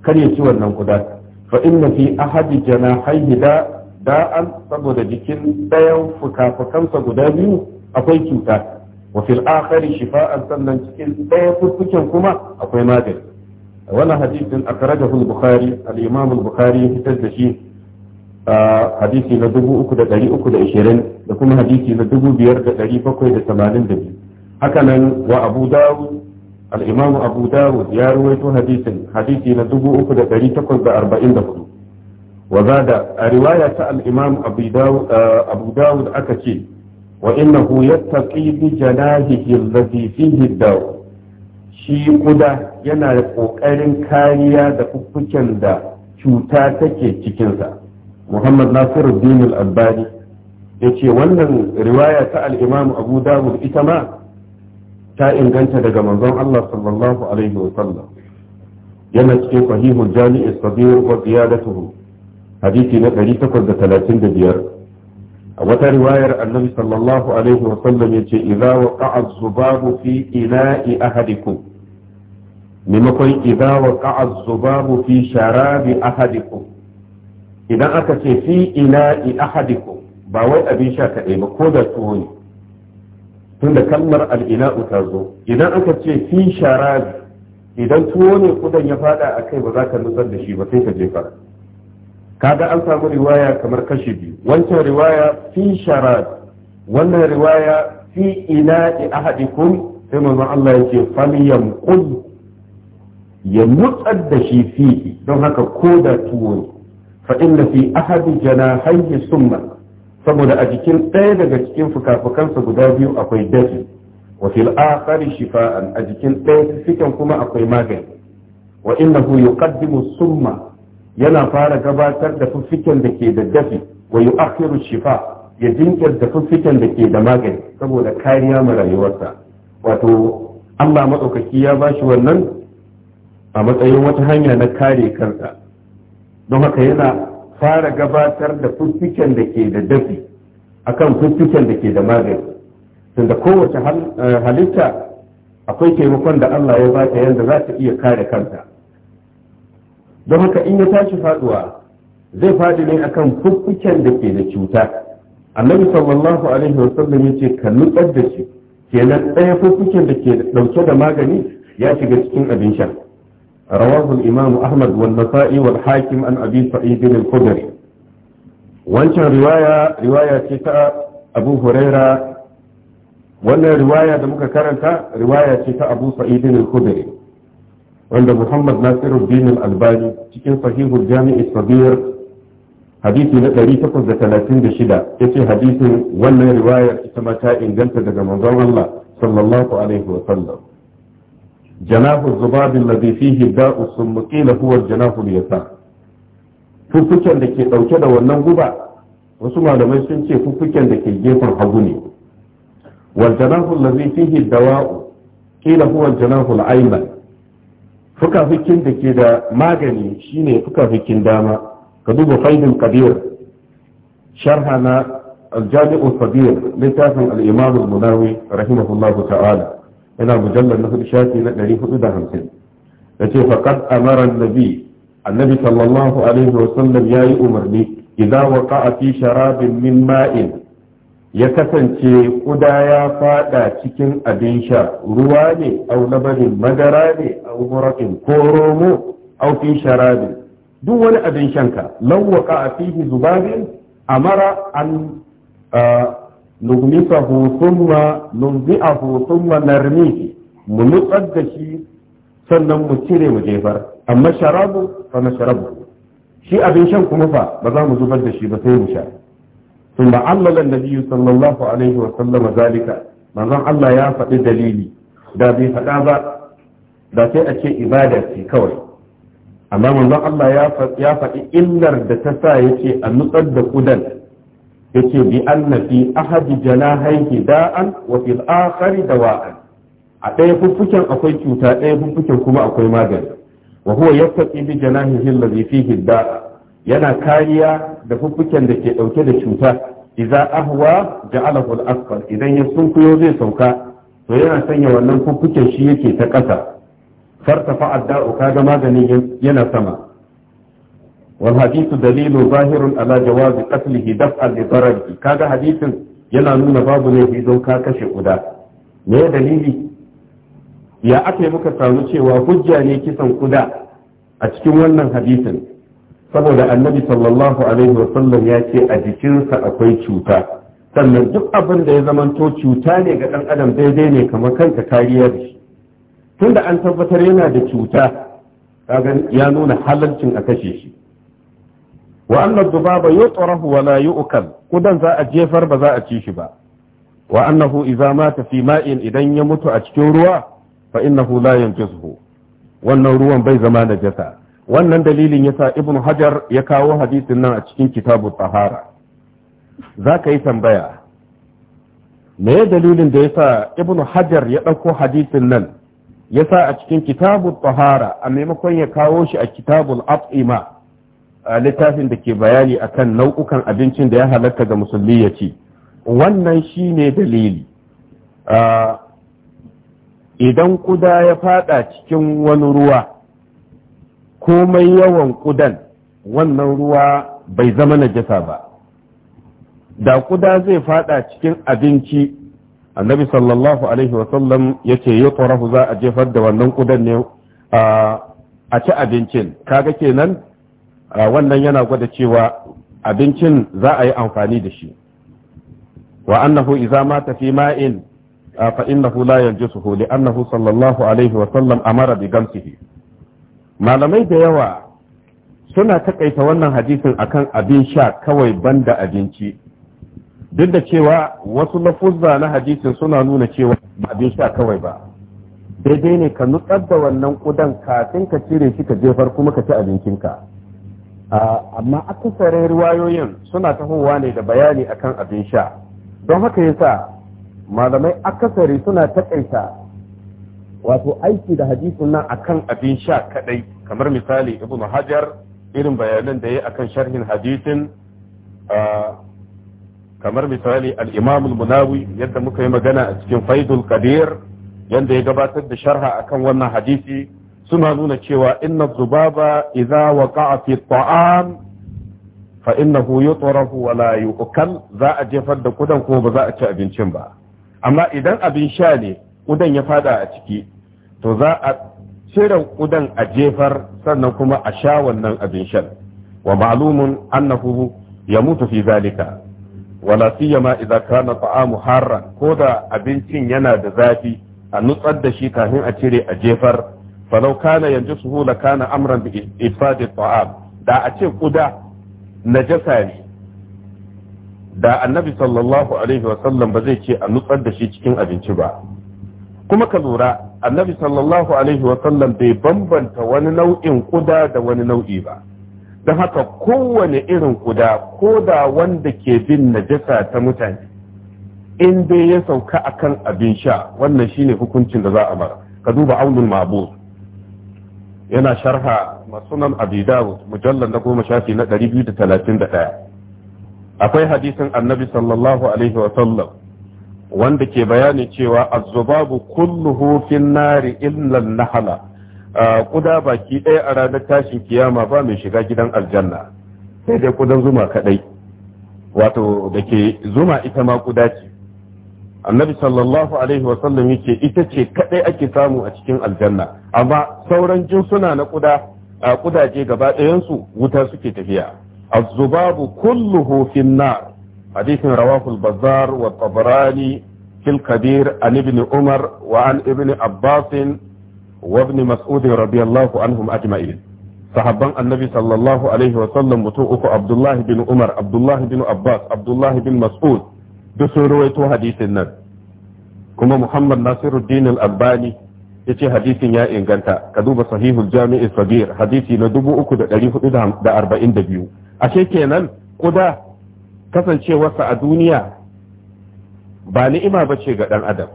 kar ya ci wannan kuda fa inna fi ahadi janahaihi da da'an saboda jikin ɗayan fuka-fukansa guda biyu akwai cuta wa fil akhari shifa'an sannan cikin ɗaya fuffuken kuma akwai magani wannan hadisin a karajahul bukhari al-imam bukhari fitar da shi hadisi na dubu uku da ɗari uku da ishirin da kuma hadisi na dubu biyar da ɗari bakwai da tamanin da biyu hakanan wa abu dawud al'imamu abu dawud ya ruwaito hadisin hadisi na dubu uku da ɗari takwas da arba'in da hudu wa zada a riwaya ta al'imamu abu dawud aka ce wa innahu yattaqi bi janahihi allati fihi daw shi kuda yana da ƙoƙarin kariya da fuffuken da cuta take cikinsa muhammad nasiru din al-albani yace wannan riwaya ta al abu dawud ita ma ta inganta daga manzon Allah sallallahu yana cikin sahihul jami'i sabir wa ziyadatuhu hadisi na biyar. a wata riwayar annabi sallallahu alaihi wa sallam yace idza waqa'a az-zubabu fi ina'i ahadikum maimakon zubabu fi idan aka ce fi ina'i ahadikum ba wai abin sha kaɗai ba ko da tuwo ne tunda kalmar al'ina ta zo idan aka ce fi sharabi idan tuwo ne kudan ya fada a kai ba za ka nutsar da shi ba sai ka jefa kaga an samu riwaya kamar kashi biyu wancan riwaya fi sharabi, wannan riwaya fi ina'i ahadikum sai manzon Allah yace falyamqul ya nutsar da shi fi don haka ko da tuwo ne faɗin inna fi ahadi janahayhi summa saboda a jikin ɗaya daga cikin fukafukansa guda biyu akwai dafi wa fil akhari shifa'an a jikin ɗaya fikan kuma akwai magani wa innahu yuqaddimu summa yana fara gabatar da fuffiken da ke da dafi wa yu'akhiru shifa ya jinkirta fuffiken da ke da magani saboda kariya ma rayuwarsa wato Allah maɗaukaki ya bashi wannan a matsayin wata hanya na kare kansa don haka yana fara gabatar da fuffiken da ke da dafi akan fuffiken da ke da magani da kowace eh, halitta akwai taimakon da Allah ya bata yadda za ta iya kare kanta don haka in ya tashi faduwa zai fadi ne akan fuffuken da ke da cuta annabi sallallahu alaihi wasallam ya ce ka nutsar da shi kenan ɗaya fuffuken da ke dauke da magani ya shiga cikin abin sha رواه الإمام أحمد والنسائي والحاكم عن أبي سعيد الخدري wancan riwaya riwaya ce ta abu huraira wannan riwaya da muka karanta riwaya ce ta abu sa'idin al wanda muhammad nasiruddin al-albani cikin sahihul jami'i sabir hadisi na da da 836 yace hadisin wannan riwayar ita ma ta inganta daga manzon Allah sallallahu alaihi wa sallam janahu zubab alladhi fihi da'u summa qila huwa janahu al-yasar fufuken da ke dauke da wannan guba wasu malamai sun ce fufuken da ke gefen hagu ne wal janahu alladhi fihi dawa'u qila huwa janahu al-ayman fukafukin da ke da magani shine fuka fukafukin dama ka duba faidul qadir sharha na الجامع الصغير لتافن الإمام المناوي رحمه الله تعالى yana mujallar na hudu shafi na ɗari hudu da hamsin da ce faƙad amaran nabi annabi sallallahu alaihi wa sallam ya yi umarni idan waka a fi sharabin min ma'in ya kasance ƙuda ya faɗa cikin abin sha ruwa ne au labarin madara ne au murakin ko romo au fi duk wani abin shanka lau waka a fihi zubabin amara an nughlifahu thumma nunzi'ahu thumma narmihi mu nutsar da shi sannan mu cire mu jefar amma sharabu fa sharabu shi abin shan kuma fa ba za mu zubar da shi ba sai mu sha ثم علل النبي صلى الله عليه وسلم ذلك manzon Allah ya faɗi dalili da bai faɗa ba da sai a ce ibada ce kawai amma manzon Allah ya faɗi illar da ta sa ya ce a nutsar da kudan yake bi anna fi ahadi janahihi da'an wa fil akhari dawa'an a ɗaya fuffuken akwai cuta ɗaya fuffuken kuma akwai magani wa huwa yattaqi bi janahihi allazi fihi da'a yana kariya da fuffuken da ke ɗauke da cuta idza ahwa ja'alahu al idan ya sunkuyo zai sauka to yana sanya wannan fuffuken shi yake ta ƙasa fartafa adda'u kaga maganin yana sama والحديث دليل ظاهر على جواز قتله دفعا لضرره كذا حديث yana nuna babu laifi don ka kashe kuda me dalili ya aka muka samu cewa hujja ne kisan kuda a cikin wannan hadisin saboda annabi sallallahu alaihi wasallam ya ce a jikinsa akwai cuta sannan duk abin da ya zamanto cuta ne ga ɗan adam daidai ne kamar kanka kariya da shi tunda an tabbatar yana da cuta ya nuna halalcin a kashe shi wa anna dubaba yutrahu wa la yu'kal kudan za a jefar ba za a ci shi ba wa annahu idza mata fi ma'in idan ya mutu a cikin ruwa fa innahu la yanjisuhu wannan ruwan bai zama najasa wannan dalilin yasa ibnu hajar ya kawo hadisin nan a cikin kitabu tahara za ka yi tambaya me dalilin da yasa ibnu hajar ya ɗauko hadisin nan yasa a cikin kitabu tahara a maimakon ya kawo shi a kitabul at'ima A littafin da ke bayani akan nau'ukan abincin da ya halatta ga musulmi ya ci wannan shi ne dalili idan kuda ya fada cikin wani ruwa komai yawan kudan wannan ruwa bai zama najasa ba da kuda zai fada cikin abinci annabi sallallahu alaihi wasallam ya ce ya za a jefar da wannan kudan ne a ci abincin kaga kenan wannan yana gwada cewa abincin za a yi amfani da shi wa annahu idza mata fi ma'in fa innahu la yanjusuhu li annahu sallallahu alaihi wa sallam amara bi gamsihi malamai da yawa suna takaita wannan hadisin akan abin sha kawai banda abinci duk da cewa wasu lafuzza na hadisin suna nuna cewa ba abin sha kawai ba daidai ne ka nutsar da wannan kudan kafin ka cire shi ka jefar kuma ka ci abincinka amma akasarin riwayoyin suna tahowa ne da bayani akan abin sha don haka yasa malamai akasari suna takaita wato aiki da hadisi nan akan abin sha kadai kamar misali ibn hajar irin bayanan da ya akan sharhin hadisin kamar misali al-imam al-munawi yadda muka yi magana a cikin faidul kadir yadda ya gabatar da sharha akan wannan hadisi suna nuna cewa inna zubaba idza waqa'a fi ta'am fa innahu yutrafu wa la yu'kal za a jefar da kudan ko ba za a ci abincin ba amma idan abin sha ne kudan ya fada a ciki to za a cire kudan a jefar sannan kuma a sha wannan abin shan wa ma'lumun annahu yamutu fi zalika wala siyama idza kana ta'amu harran ko da abincin yana da zafi a nutsar da shi kafin a cire a jefar falau kana yanzu su la kana amran bi ifadi ta'am da a ce kuda jasa ne da annabi sallallahu alaihi wa sallam ba zai ce a nutsar da shi cikin abinci ba kuma ka lura annabi sallallahu alaihi wa sallam bai bambanta wani nau'in kuda da wani nau'i ba don haka kowane irin kuda ko da wanda ke bin najasa ta mutane in dai ya sauka akan abin sha wannan shine hukuncin da za a mara ka duba aunul mabur yana sharha masunan abi mujallar na goma shafi na 231 akwai hadisin annabi sallallahu alaihi wa sallam wanda ke bayani cewa azzubabu kulluhu fin nari illa nahala kuda baki ɗaya a ranar tashin kiyama ba mai shiga gidan aljanna sai dai kudan zuma kadai wato da ke zuma ita ma kuda ce annabi sallallahu alaihi wa sallam yake ita ce kadai ake samu a cikin aljanna amma sauran jinsuna na kuda a kudaje gaba ɗayansu wuta suke tafiya az-zubabu kulluhu fin nar hadithin rawahu al-bazzar wa tabarani fil kabir an ibn umar wa an ibn abbas wa ibn mas'ud radiyallahu anhum ajma'in sahabban annabi sallallahu alaihi wa sallam mutum uku abdullahi bin umar abdullahi bin abbas abdullahi bin mas'ud duk sun rawaito hadisin nan kuma muhammad nasiruddin al-albani ya ce hadisin ya inganta ka duba sahihul jami'i sabir hadisi na 3442 ashe kenan kuda kasancewarsa a duniya ba ni'ima ba ce ga ɗan adam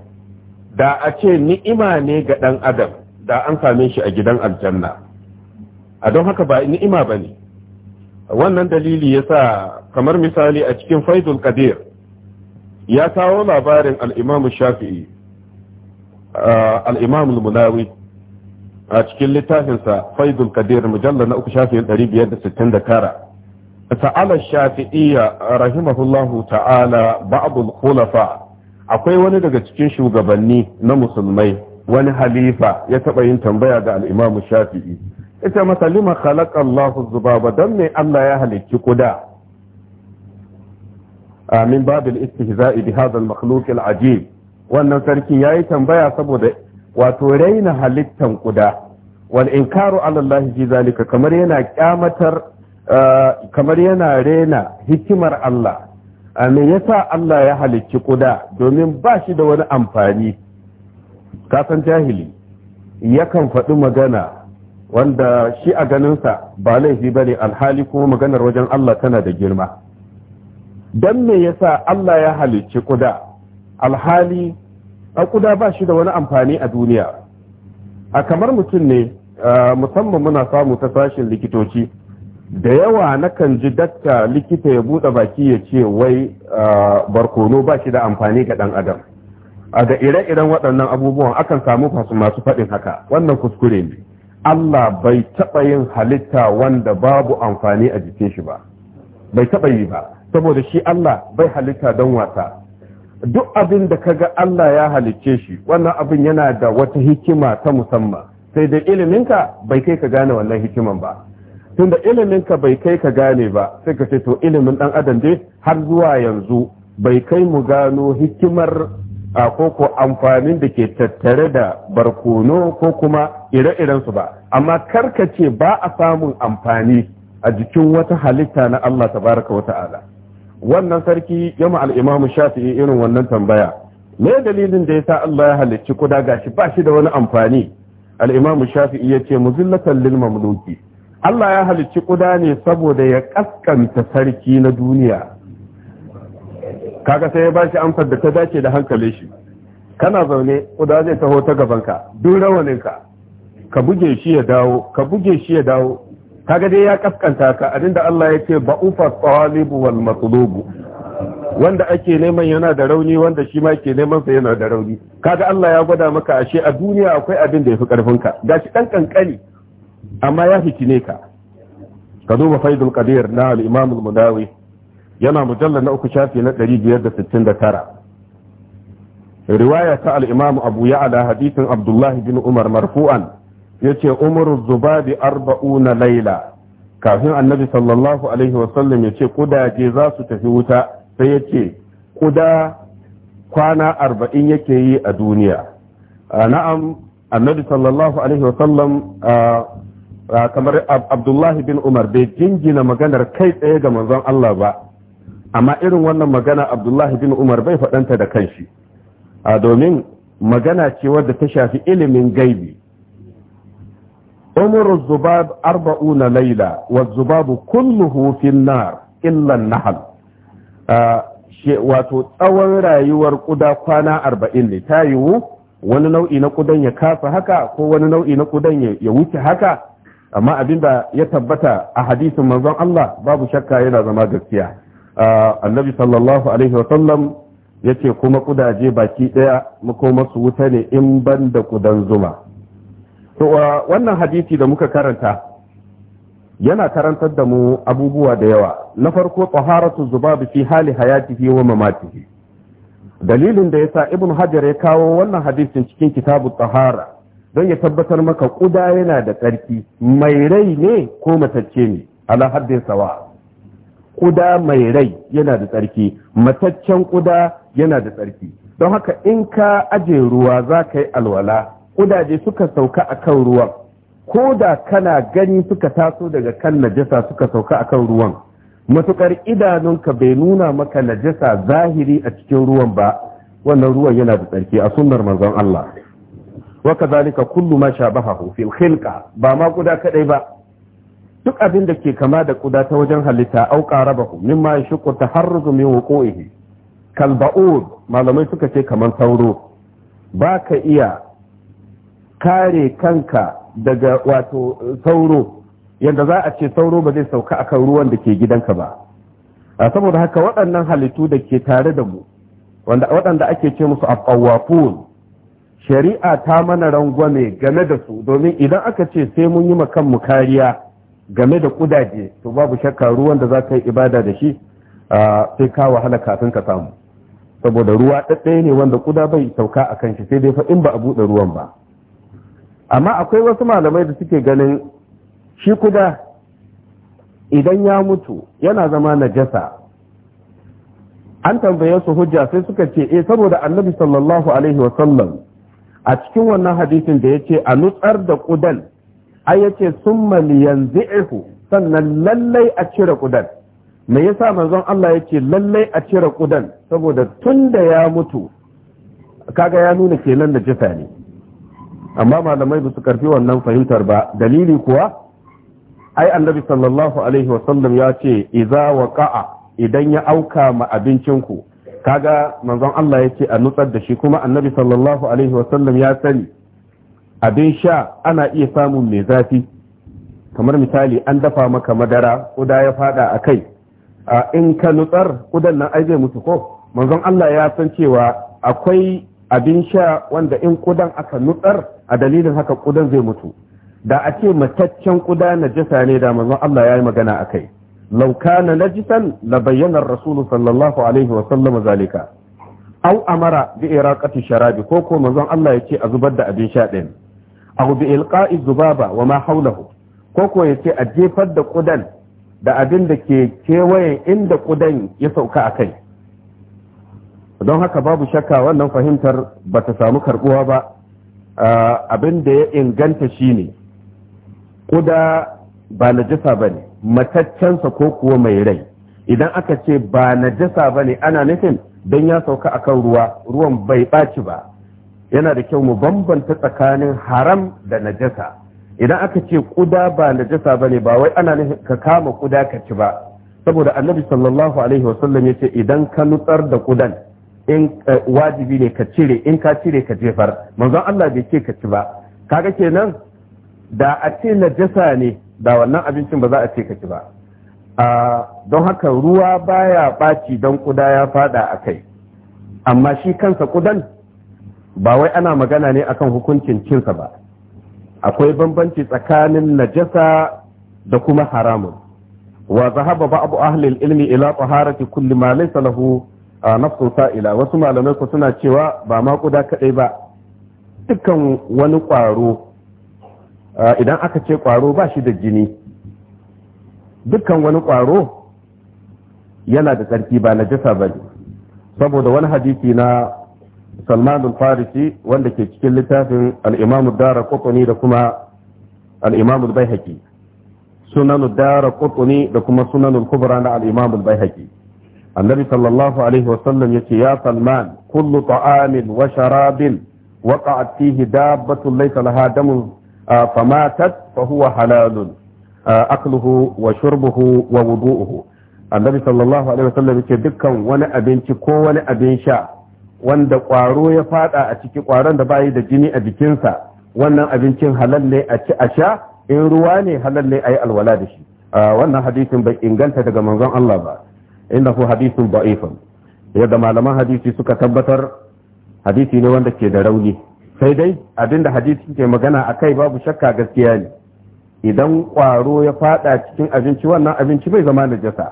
da a ce ni'ima ne ga ɗan adam da an same shi a gidan aljanna a don haka ba ni'ima ba ne wannan dalili ya sa kamar misali a cikin faidul qadir ya kawo labarin al'imamu shafi'i al’imam munawi a cikin littafinsa faidul kadir mujallar na uku shafi'in 569 ta'ala shafi'iyya rahimahullahu ta'ala ba'abul khulafa akwai wani daga cikin shugabanni na musulmai wani halifa ya taɓa yin tambaya ga al'imam shafi'i ita masalima khalaqa Allahu zubaba don me Allah ya halicci kuda min باب istihza'i بهذا المخلوق العجيب ajib wannan sarki yayi tambaya saboda wato raina halittan kuda wal inkaru ala Allah fi zalika kamar yana kyamatar kamar yana rena hikimar Allah me yasa Allah ya halicci kuda domin ba shi da wani amfani kasan jahili yakan faɗi magana wanda shi a ganinsa ba laifi bane alhali kuma maganar wajen Allah tana da girma don me yasa Allah ya halicci kuda alhali a kuda ba shi da wani amfani a duniya a kamar mutum ne musamman muna samu ta sashin likitoci da yawa nakan ji dakta likita ya buɗe baki ya ce wai barkono ba shi da amfani ga ɗan adam a ga ire-iren waɗannan abubuwan akan samu masu faɗin haka wannan kuskure ne Allah bai taɓa yin halitta wanda babu amfani a jikin shi ba bai taɓa yi ba saboda shi Allah bai halitta don wasa duk abin da kaga Allah ya halicce shi wannan abin yana da wata hikima ta musamman sai da iliminka bai kai ka gane wannan hikiman ba tunda iliminka bai kai ka gane ba sai ka ce to ilimin dan adam dai har zuwa yanzu bai kai mu gano hikimar a koko amfanin da ke tattare da barkono ko kuma ire iren su ba amma karkace ba a samun amfani a jikin wata halitta na Allah tabaraka wa ta'ala wannan sarki ya ma al'imamu shafi irin wannan tambaya me dalilin da ya sa Allah ya halicci kuda gashi ba shi da wani amfani al'imamu shafi'i ya ce muzillatan lil mamluki Allah ya halicci kuda ne saboda ya kaskanta sarki na duniya kaga sai ya ba shi amsar da ta dace da hankalin shi kana zaune kuda zai taho ta gabanka duk rawaninka ka buge ka buge shi ya dawo kaga dai ya kaskanta ka abinda Allah ya ce ba'ufa talibu wal matlubu wanda ake neman yana da rauni wanda shi ma ke neman sa yana da rauni kaga Allah ya gwada maka ashe a duniya akwai abin da yafi karfin ka gashi dan kankani amma ya kine ka ka duba faidul qadir na al-imam al-mudawi yana mujallal na uku shafi na 569 riwaya ta al-imam abu ya'la hadithin abdullah bin umar marfu'an yace umaru zubabi arba'una laila kafin annabi sallallahu alaihi wasallam yace kudaje za su tafi wuta sai yace kuda kwana arba'in yake yi a duniya na'am annabi sallallahu alaihi wasallam kamar abdullahi bin umar bai jingina maganar kai tsaye ga manzon Allah ba amma irin wannan magana abdullahi bin umar bai faɗanta da kanshi domin magana ce wadda ta shafi ilimin gaibi عمر الذباب أربعون ليلة والذباب كله في النار إلا النحل wato tsawon rayuwar kuda kwana arba'in ne ta wani nau'i na kudan ya kasa haka ko wani nau'i na kudan ya wuce haka amma abin da ya tabbata a hadisin manzon Allah babu shakka yana zama gaskiya annabi sallallahu alaihi sallam, ya ce kuma ƙudaje baki daya makomarsu wuta ne in ban da kudan zuma to uh, wannan hadisi da muka karanta yana karantar da mu abubuwa da yawa na farko taharatu zubabi fi hali hayatihi wa mamatihi dalilin da yasa ibnu hajar ya kawo wannan hadisin cikin kitabu tahara don ya tabbatar maka kuda yana da tsarki mai rai ne ko matacce ne ala haddin sawa kuda mai rai yana da tsarki mataccen kuda yana da tsarki don haka in ka aje ruwa za ka yi alwala Kudaje suka sauka a kan ruwan ko da kana gani suka taso daga kan najasa suka sauka a kan ruwan matukar idanunka bai nuna maka najasa zahiri a cikin ruwan ba wannan ruwan yana da tsarki a sunnar manzon Allah wa kadhalika kullu ma shabahu fil khilqa ba ma guda kadai ba duk abin da ke kama da kuda ta wajen halitta au qarabahu mimma yashqu taharruzu min wuqu'ihi kal ba'ud malamai suka ce kaman sauro Baka iya kare kanka daga wato sauro yadda za a ce sauro ba zai sauka akan ruwan da ke gidanka ba saboda haka waɗannan halittu da ke tare da mu waɗanda ake ce musu afawafun shari'a ta mana rangwame game da su domin idan aka ce sai mun yi kanmu kariya game da kudaje to babu shakka ruwan da za ka yi ibada da shi sai ka wahala kafin ka samu saboda ruwa ɗaɗɗaya ne wanda kuda bai sauka a kan shi sai dai fa in ba a buɗe ruwan ba amma akwai wasu malamai da suke ganin shi kuda idan ya mutu yana zama najasa an tambaye su hujja sai suka ce eh saboda annabi sallallahu alaihi sallam a cikin wannan hadisin da ya ce a nutsar da kudan ai yace summa sun sannan lallai a cire kudan me yasa manzon Allah ya ce lallai a cire kudan saboda tunda ya mutu kaga ya nuna kenan da jifa ne amma malamai ba su karfi wannan fahimtar ba dalili kuwa ai annabi sallallahu alaihi wasallam ya ce iza waqa'a idan ya auka ma abincin abincinku kaga manzon Allah yake a nutsar da shi kuma annabi sallallahu alaihi wasallam ya sani abin sha ana iya samun mai zafi kamar misali an dafa maka madara kuda ya fada a kai in ka nutsar kudan nan ai zai mutu ko manzon Allah ya san cewa akwai abin sha wanda in kudan aka nutsar a dalilin haka kudan zai mutu da a ce mataccen kuda jisa ne da manzon Allah ya yi magana a kai na kana najisan na bayyanar rasulun sallallahu alaihi wa sallam zalika au amara bi iraqati sharabi ko ko manzon Allah ya ce a zubar da abin sha A au bi ilqa'i zubaba wa ma hawlahu ko ko ya ce a jefar da kudan da abin da ke kewayen inda kudan ya sauka a kai don haka babu shakka wannan fahimtar bata samu karbuwa ba abin da ya inganta shi ne. kuda ba na ba ne. mataccensa ko kuwa mai rai idan aka ce ba na najasa bane ana nufin don ya sauka akan ruwa ruwan bai ɓaci ba yana da kyau mu bambanta tsakanin haram da najasa idan aka ce kuda ba najasa bane ba wai ana nufin ka kama kuda ka ci ba saboda annabi sallallahu alaihi wasallam ya ce idan ka nutsar da kudan in eh, wajibi ne ka cire in ka cire ka jefar manzon Allah bai ce ka ci ba kaga kenan da a ce najasa ne da wannan abincin ba za a ce ka ci ba ah, don haka ruwa baya ɓaci don kuda ya fada a kai amma shi kansa kudan ba wai ana magana ne akan hukuncin cinsa ba akwai bambanci tsakanin najasa da kuma haramun wa zahaba abu ahli ilmi ila taharati kulli ma laysa lahu a nafsu sa'ila wasu malamai ku suna cewa ba ma kuda kadai ba dukkan wani kwaro idan aka ce kwaro ba shi da jini dukkan wani kwaro yana da tsarki ba na jasa ba ne saboda wani hadisi na salman al-farisi wanda ke cikin littafin al-imam dara qutni da kuma al-imam al sunanu dara qutni da kuma sunan kubra na al-imam al annabi sallallahu alaihi wasallam yace ya salman kullu ta'amin wa sharabin waqa'at fihi dabbatun laysa laha damun famatat fa huwa halalun akluhu wa shurbuhu wa wudu'uhu annabi sallallahu alaihi wasallam yace dukkan wani abinci ko wani abin sha wanda kwaro ya fada a ciki kwaron da bayi da jini a bikinsa wannan abincin halal ne a ci a sha in ruwa ne halal ne a yi alwala da shi wannan hadisin bai inganta daga manzon Allah ba innahu hadithun da'ifun yadda malaman hadisi suka tabbatar hadisi ne wanda ke da rauni sai dai abinda hadisi ke magana a kai babu shakka gaskiya ne idan kwaro ya fada cikin abinci wannan abinci bai zama najasa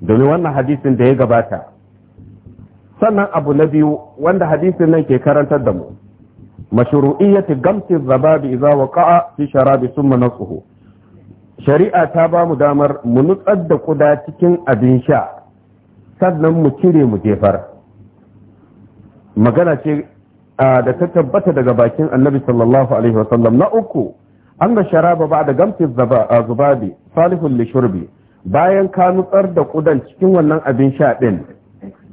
domin wannan hadisin da ya gabata sannan abu na biyu wanda hadisin nan ke karantar da mu mashru'iyyati gamsi zababi idza waqa'a fi sharabi thumma nasuhu shari'a ta ba mu damar mu nutsar da kuda cikin abin sha sannan mu cire mu jefar magana ce da ta tabbata daga bakin annabi sallallahu alaihi wasallam na uku an da sharaba ba da gamtin zubabi salihun lishurbi bayan ka nutsar da kudan cikin wannan abin sha din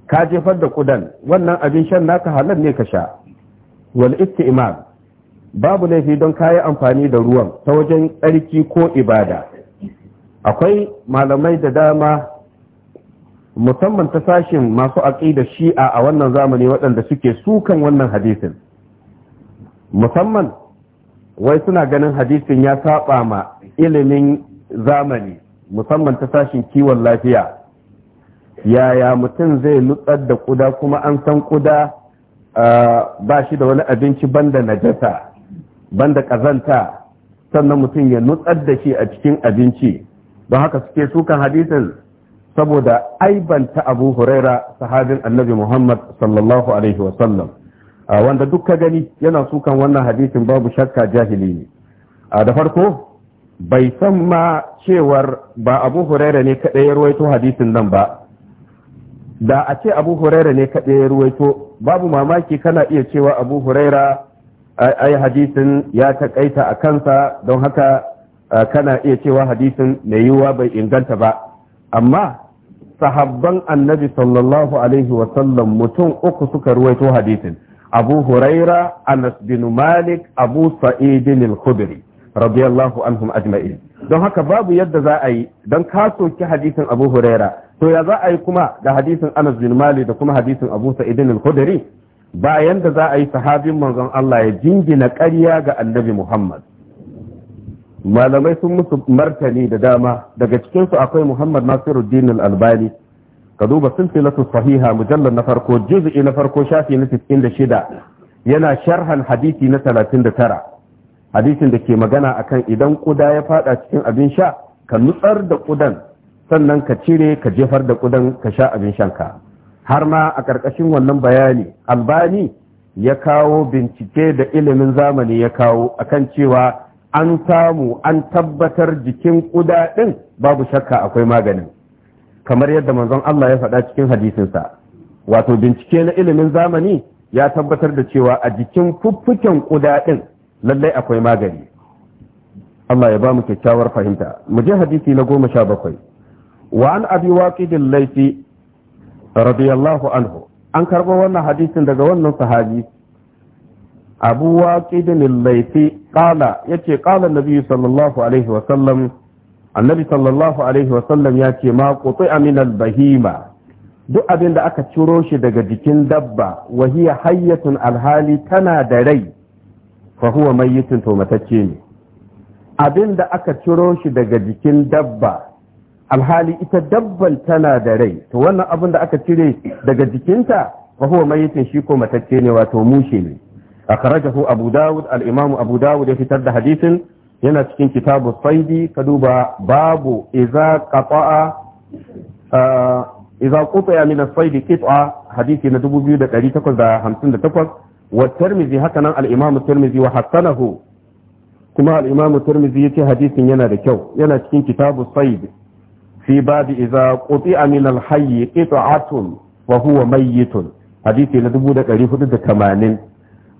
ka jefar da kudan wannan abin shan naka halar ne ka sha wal imam babu laifi don kayi amfani da ruwan ta wajen tsarki ko ibada akwai malamai da dama musamman ta sashin masu aƙida shi'a a wannan zamani waɗanda suke sukan wannan hadisin musamman wai suna ganin hadisin ya saba ma ilimin zamani musamman ta sashin kiwon lafiya yaya mutum zai nutsar da kuda kuma an san kuda ah, ba shi da wani abinci banda najasa banda kazanta sannan mutum ya nutsar da shi a cikin abinci don haka suke sukan hadisin saboda aibanta abu huraira sahabin annabi muhammad sallallahu alaihi wasallam wanda duk ka gani yana sukan wannan hadisin babu shakka jahili ne da farko bai san ma cewar ba abu huraira ne kaɗai ya ruwaito hadisin nan ba da a ce abu huraira ne kaɗai ya ruwaito babu mamaki kana iya cewa abu huraira ai hadisin ya takaita a kansa don haka kana iya cewa hadisin mai yiwuwa bai inganta ba amma sahabban annabi sallallahu alaihi wasallam mutum uku suka ruwaito hadisin abu huraira anas bin malik abu sa'id al-khudri radiyallahu anhum ajma'in don haka babu yadda za a yi don ka soki hadisin abu huraira to ya za a yi kuma da hadisin anas bin malik da kuma hadisin abu sa'id al-khudri ba yanda za a yi sahabin manzon Allah ya jingina ƙarya ga annabi Muhammad malamai sun musu martani da dama daga cikinsu akwai Muhammad Nasiruddin al-Albani ka duba silsilatu sahiha mujallar na farko juz'i na farko shafi na 66 yana sharhan hadisi na 39 hadisin da ke magana akan idan kuda ya fada cikin abin sha ka nutsar da kudan sannan ka cire ka jefar da kudan ka sha abin shanka har ma a ƙarƙashin wannan bayani albani ya kawo bincike da ilimin zamani ya kawo akan cewa an samu an tabbatar jikin ƙuda ɗin babu shakka akwai maganin kamar yadda manzon Allah ya faɗa cikin hadisinsa wato bincike na ilimin zamani ya tabbatar da cewa a jikin fuffuken ƙuda ɗin lallai akwai magani Allah ya ba mu kyakkyawar fahimta mu je hadisi na goma sha bakwai wa an abi waƙidin laifi radiyallahu anhu an karɓo wannan hadisin daga wannan sahabi abu waqidin al-laythi qala yace qala Nabiyyu sallallahu alaihi wa sallam annabi sallallahu alaihi wa sallam yace ma qutu min al-bahima duk abin da aka ciro shi daga jikin dabba wa hiya hayyatun alhali tana da rai fa huwa mayyitun to matacce ne abin da aka ciro shi daga jikin dabba alhali ita dabban tana da rai to wannan abin da aka cire daga jikinta fa huwa shi ko matacce ne wato mushe ne akhrajahu abu al-imam abu ya fitar da hadisin yana cikin kitabu saidi ka duba babu idza qata'a min as-saidi hadisi na 2858 wa tirmidhi al-imam tirmidhi wa hasanahu kuma al-imam tirmidhi yace hadisin yana da kyau yana cikin kitabu saidi fi babu iza quti min al-hayy qita'atun wa huwa mayyitun hadisi na 1480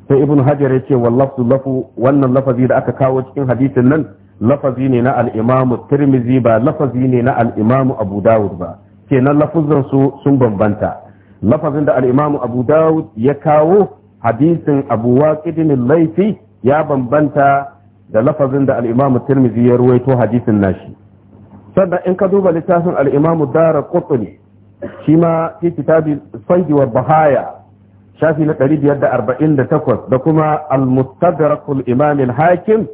sai ibn hajar yace wallafzu lafu wannan lafazi da aka kawo cikin hadisin nan lafazi ne na al-imam ba lafazi ne na al abu dawud ba kenan lafuzan sun bambanta lafazin da al abu dawud ya kawo hadisin abu waqidin laifi ya bambanta da lafazin da al-imam tirmizi ya ruwaito hadisin nashi sannan in ka duba littafin al'imamu dara kutuni shi ma fi kitabi sanji wa bahaya shafi na 548 da kuma al-mustadrakul imamin hakim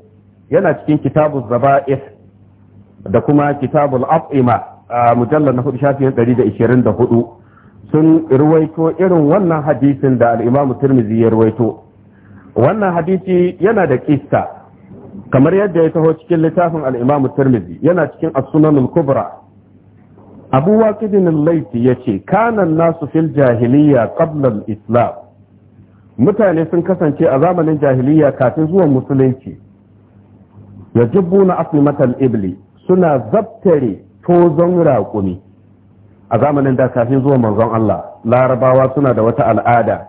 yana cikin kitabun zaba'ih da kuma Kitabun af'ima a mujallar na hudu shafi na 124 sun ruwaito irin wannan hadisin da al'imamu imamu tirmizi ya ruwaito wannan hadisi yana da kista kamar yadda ya taho cikin littafin al'imamu tirmidhi yana cikin asunanin kubra abu waqidin al ya ce kanan nasu fil jahiliya qabla islam mutane sun kasance a zamanin jahiliya kafin zuwan musulunci na aslimatal ibli suna zabtare tozon raƙumi a zamanin da kafin zuwan manzon Allah larabawa suna da wata al'ada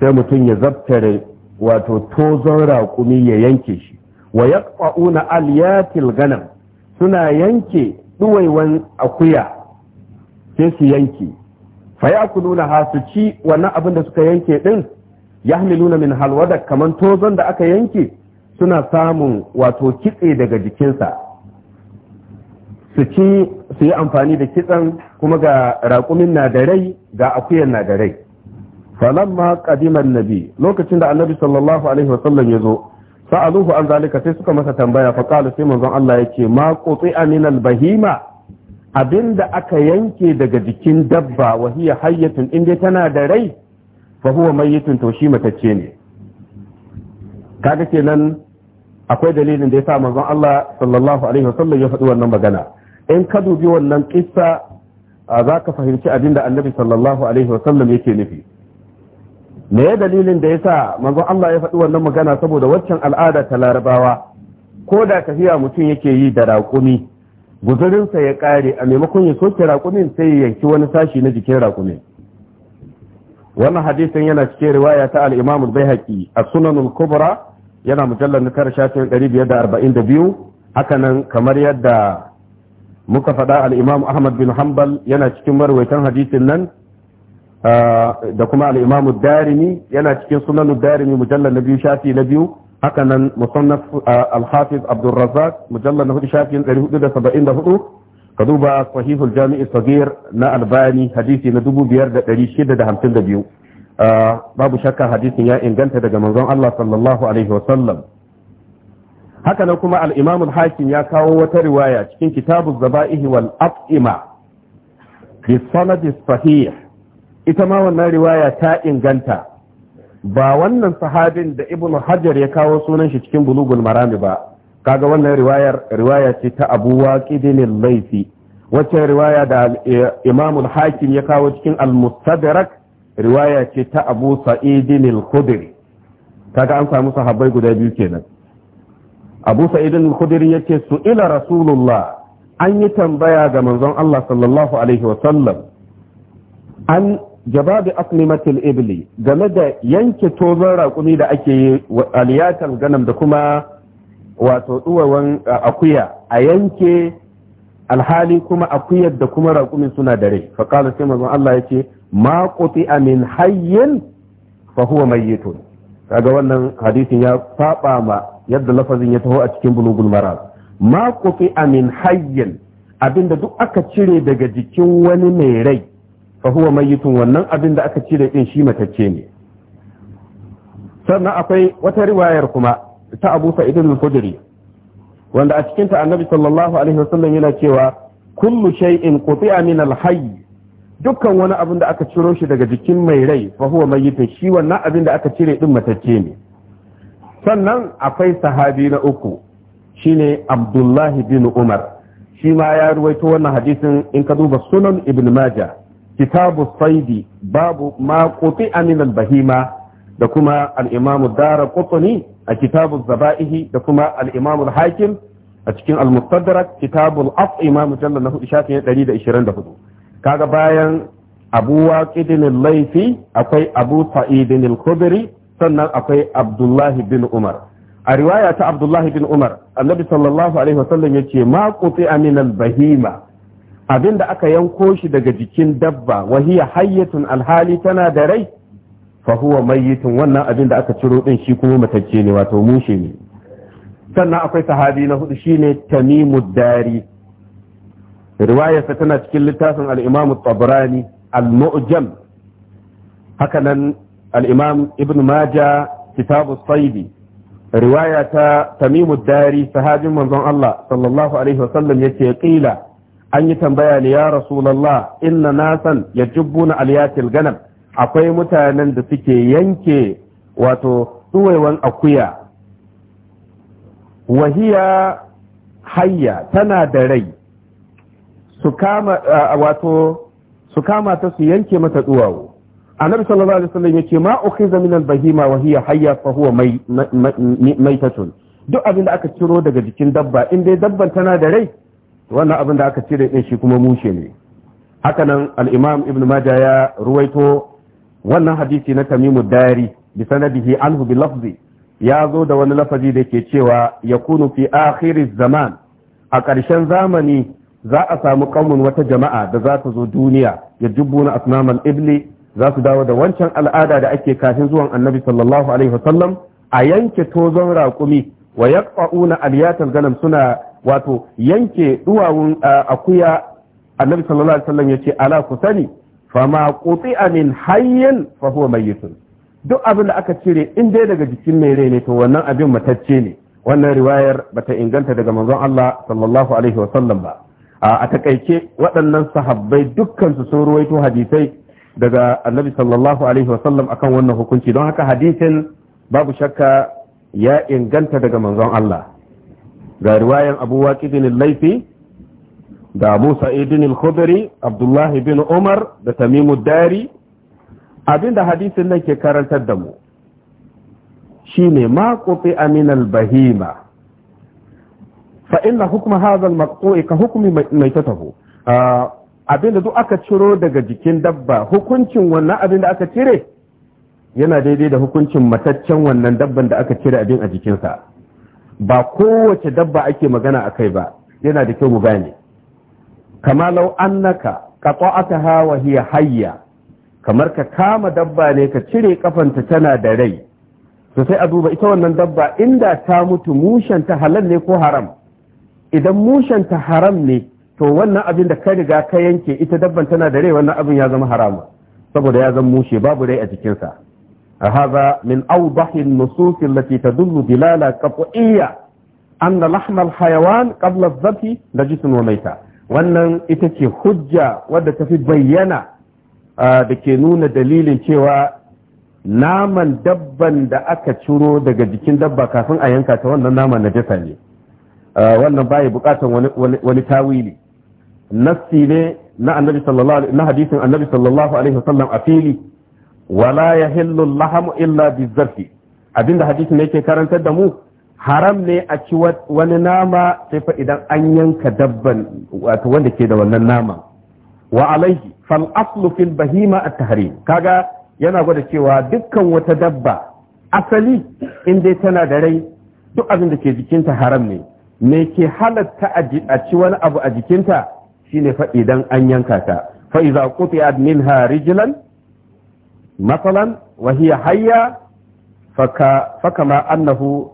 sai mutum ya zabtare wato tozon raƙumi ya yanke shi wa ƙwa'una aliyatil ganam suna yanke ɗuwaiwan akuya sai su yanke fa ku nuna hasu ci wannan abin da suka yanke din nuna min halwada kamar tozon da aka yanke suna samun wato kitse daga jikinsa su ci su yi amfani da kitsen kuma ga raƙumin na da rai ga akuyan na da rai falamma qadima annabi lokacin da annabi sallallahu alaihi wasallam ya zo sa'aluhu an zalika sai suka masa tambaya fa qala sai manzon Allah yake ma quti'a min al-bahima abinda aka yanke daga jikin dabba wa hiya hayyatun inda tana da rai fa huwa to shi matacce ne kaga kenan akwai dalilin da yasa manzon Allah sallallahu alaihi wasallam ya faɗi wannan magana in ka dubi wannan kissa za ka fahimci abinda annabi sallallahu alaihi wasallam yake nufi me ya dalilin da ya sa manzon Allah ya faɗi wannan magana saboda waccan al'ada ta larabawa ko da tafiya mutum yake yi da raƙumi guzurinsa ya ƙare a maimakon ya soke raƙumin sai ya yanki wani sashi na jikin raƙumi. wannan hadisin yana cikin riwaya ta al-Imam al-Baihaqi a sunanul kubra yana mujallar na tara shafin 542 hakanan kamar yadda muka faɗa al-Imam Ahmad bin Hanbal yana cikin marwaitan hadisin nan da kuma al-imamu darimi yana cikin sunan darimi mujallar na biyu shafi na biyu haka nan musannaf al-hafiz abdul razzaq mujallar na hudu shafin 474 ka duba sahihul jami'i sagir na albani hadisi na 5652 babu shakka hadisin ya inganta daga manzon Allah sallallahu alaihi wa sallam haka nan kuma al-imam al-hakim ya kawo wata riwaya cikin kitabuz zaba'ihi wal at'ima bi sanad sahih ita ma wannan riwaya ta inganta ba wannan sahabin da ibn hajar ya kawo sunan shi cikin bulugul marami ba kaga wannan riwayar riwaya ce ta abu waqidin laifi wacce riwaya da eh, imam hakim ya kawo cikin al-mustadrak riwaya ce ta abu sa'idin al-khudri kaga an samu sahabbai guda biyu kenan abu sa'idin al-khudri yace su ila rasulullah an yi tambaya ga manzon Allah sallallahu alaihi wa sallam an jababi aklimatil ibli game da yanke tozon raƙumi da ake yi aliyatan ganam da kuma wato duwawan akuya a yanke alhali kuma akuyar da kuma raƙumin suna da rai fa qala sai Allah yace ma quti'a amin hayyin fa huwa mayyitun kaga wannan hadisin ya faɓa ma yadda lafazin ya taho a cikin bulugul maram ma quti'a min hayyin abinda duk aka cire daga jikin wani mai rai fa huwa wannan abin da aka cire din shi matacce ne sannan akwai wata riwayar kuma ta Abu Sa'id al-Khudri wanda a cikin ta Annabi sallallahu alaihi wasallam yana cewa kullu shay'in quti'a min al-hayy dukkan wani abin da aka ciro shi daga jikin mai rai fa huwa mayyitun shi wannan abin da aka cire din matacce ne sannan akwai sahabi na uku shine Abdullahi bin Umar shi ma ya ruwaito wannan hadisin in ka duba sunan Ibn Majah kitabu saidi babu ma kuti aminal bahima da kuma al'imamu dara kutuni a kitabu zaba'ihi da kuma al'imamu hakim a cikin al-mustadrak kitabu al-af'ima mujallal na hudu shafin 124 kaga bayan abu waqidin laifi akwai abu sa'idin al-khudri sannan akwai abdullahi bin umar a riwaya ta abdullahi bin umar annabi sallallahu alaihi wasallam yace ma quti min al-bahima abin da aka yanko shi daga jikin dabba wahiya hayyatun alhali tana da rai fa huwa mayyitun wannan abin da aka ciro din shi kuma matacce ne wato mushe ne sannan akwai sahabi na hudu shine Tamimu dari riwayarsa tana cikin littafin al-imam tabrani al-mu'jam haka nan al-imam ibn maja kitabu saidi riwaya ta tamimud dari sahabin manzon Allah sallallahu alaihi wasallam yace qila an yi tambaya ne ya rasulullah inna nasan yajubbuna aliyatil ganam akwai mutanen da suke yanke wato tsuwaiwan akuya wahiya hayya tana da rai su kama wato su kama ta su yanke mata duwawo annabi sallallahu alaihi wasallam yace ma ukhiza min al-bahima Wahiya hiya hayya fa huwa maitatun duk abin da aka ciro daga jikin dabba in dai dabban tana da rai wannan abin da aka cire din shi kuma mushe ne hakanan al-imam ibn majah ya ruwaito wannan hadisi na tamimu dari bi sanadihi anhu bi lafzi ya zo da wani lafazi da ke cewa yakunu fi akhiriz zaman a ƙarshen zamani za a samu kaumun wata jama'a da za ta zo duniya ya jubbuna asnaman ibli za su dawo da wancan al'ada da ake kafin zuwan annabi sallallahu alaihi wasallam a yanke tozon raƙumi wa yaqauna aliyatal ganam suna wato yanke duwawun akuya annabi sallallahu alaihi wasallam yace ala ku sani fama quti'a min hayyin fa huwa mayyitun duk abin da aka cire in dai daga jikin mai rai ne to wannan abin matacce ne wannan riwayar bata inganta daga manzon Allah sallallahu alaihi wasallam ba a takaice waɗannan sahabbai dukkan su sun ruwaito hadisai daga annabi sallallahu alaihi wasallam akan wannan hukunci don haka hadisin babu shakka ya inganta daga manzon Allah ga riwayan abu waqidin laifi da abu sa'idin al-khudri abdullah bin umar da tamimu dari abinda hadisin nan ke karantar da mu shine ma qufi aminal bahima fa hukuma hukma maƙo'i ka hukumi mai ta taho ah, abinda duk aka ciro daga jikin dabba hukuncin wannan abin da aka cire yana daidai da hukuncin mataccen wannan dabban da aka cire abin a jikinsa ba kowace dabba ake magana a kai ba yana da kyau mu gane kama lau annaka qata'ataha wa hiya hayya kamar ka kama dabba ne ka cire kafanta tana da rai to sai a duba ita wannan dabba inda ta mutu mushen ta halal ne ko haram idan mushen ta haram ne to wannan abin da ka riga ka yanke ita dabban tana da rai wannan abin ya zama harama. saboda ya zama mushe babu rai a jikinsa هذا من أوضح النصوص التي تدل دلالة قطعية أن لحم الحيوان قبل الذبح نجس وميتا wannan ita ce hujja wadda tafi bayyana da ke nuna dalilin cewa naman dabban da aka ciro daga jikin dabba kafin a yanka ta wannan naman najasa ne wannan baya bukatan wani tawili nassi ne na hadisin annabi sallallahu alaihi a fili wala ya al-lahm illa bizzati abinda hadisi ne yake karantar da mu haram ne a ci wani nama sai fa idan an yanka dabban wato wanda ke da wannan nama wa alaihi fal aslu fil bahima at-tahrim kaga yana gwada cewa dukkan wata dabba asali in dai tana da rai duk abinda ke jikinta haram ne me ke halatta a ci wani abu a jikinta shine fa idan an yanka ta fa iza qutiya minha rijlan مثلا وهي حية فك فكما أنه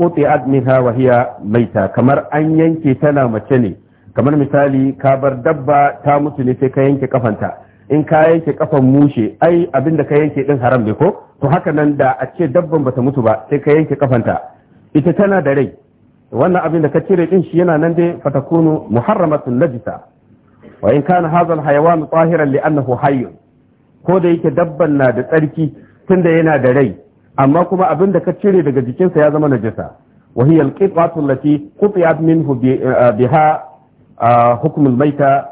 قطعت منها وهي ميتة كمر أن ينكي تنا مچني kamar misali ka bar dabba ta mutu ne sai ka yanke kafanta in ka yanke kafan mushe ai abin da ka yanke din haram ne ko to haka nan da a ce dabban bata mutu ba sai ka yanke kafanta ita tana da rai wannan abin da ka cire din shi yana nan dai fatakunu muharramatun najisa wa in kana hadha hayawan tahiran li'annahu hayyun ko da yake dabban na da tsarki tun da yana da rai amma kuma abin da ka cire daga jikinsa ya zama najasa wa hiya alqitatu allati qutiyat minhu eh, biha ah, hukm almayta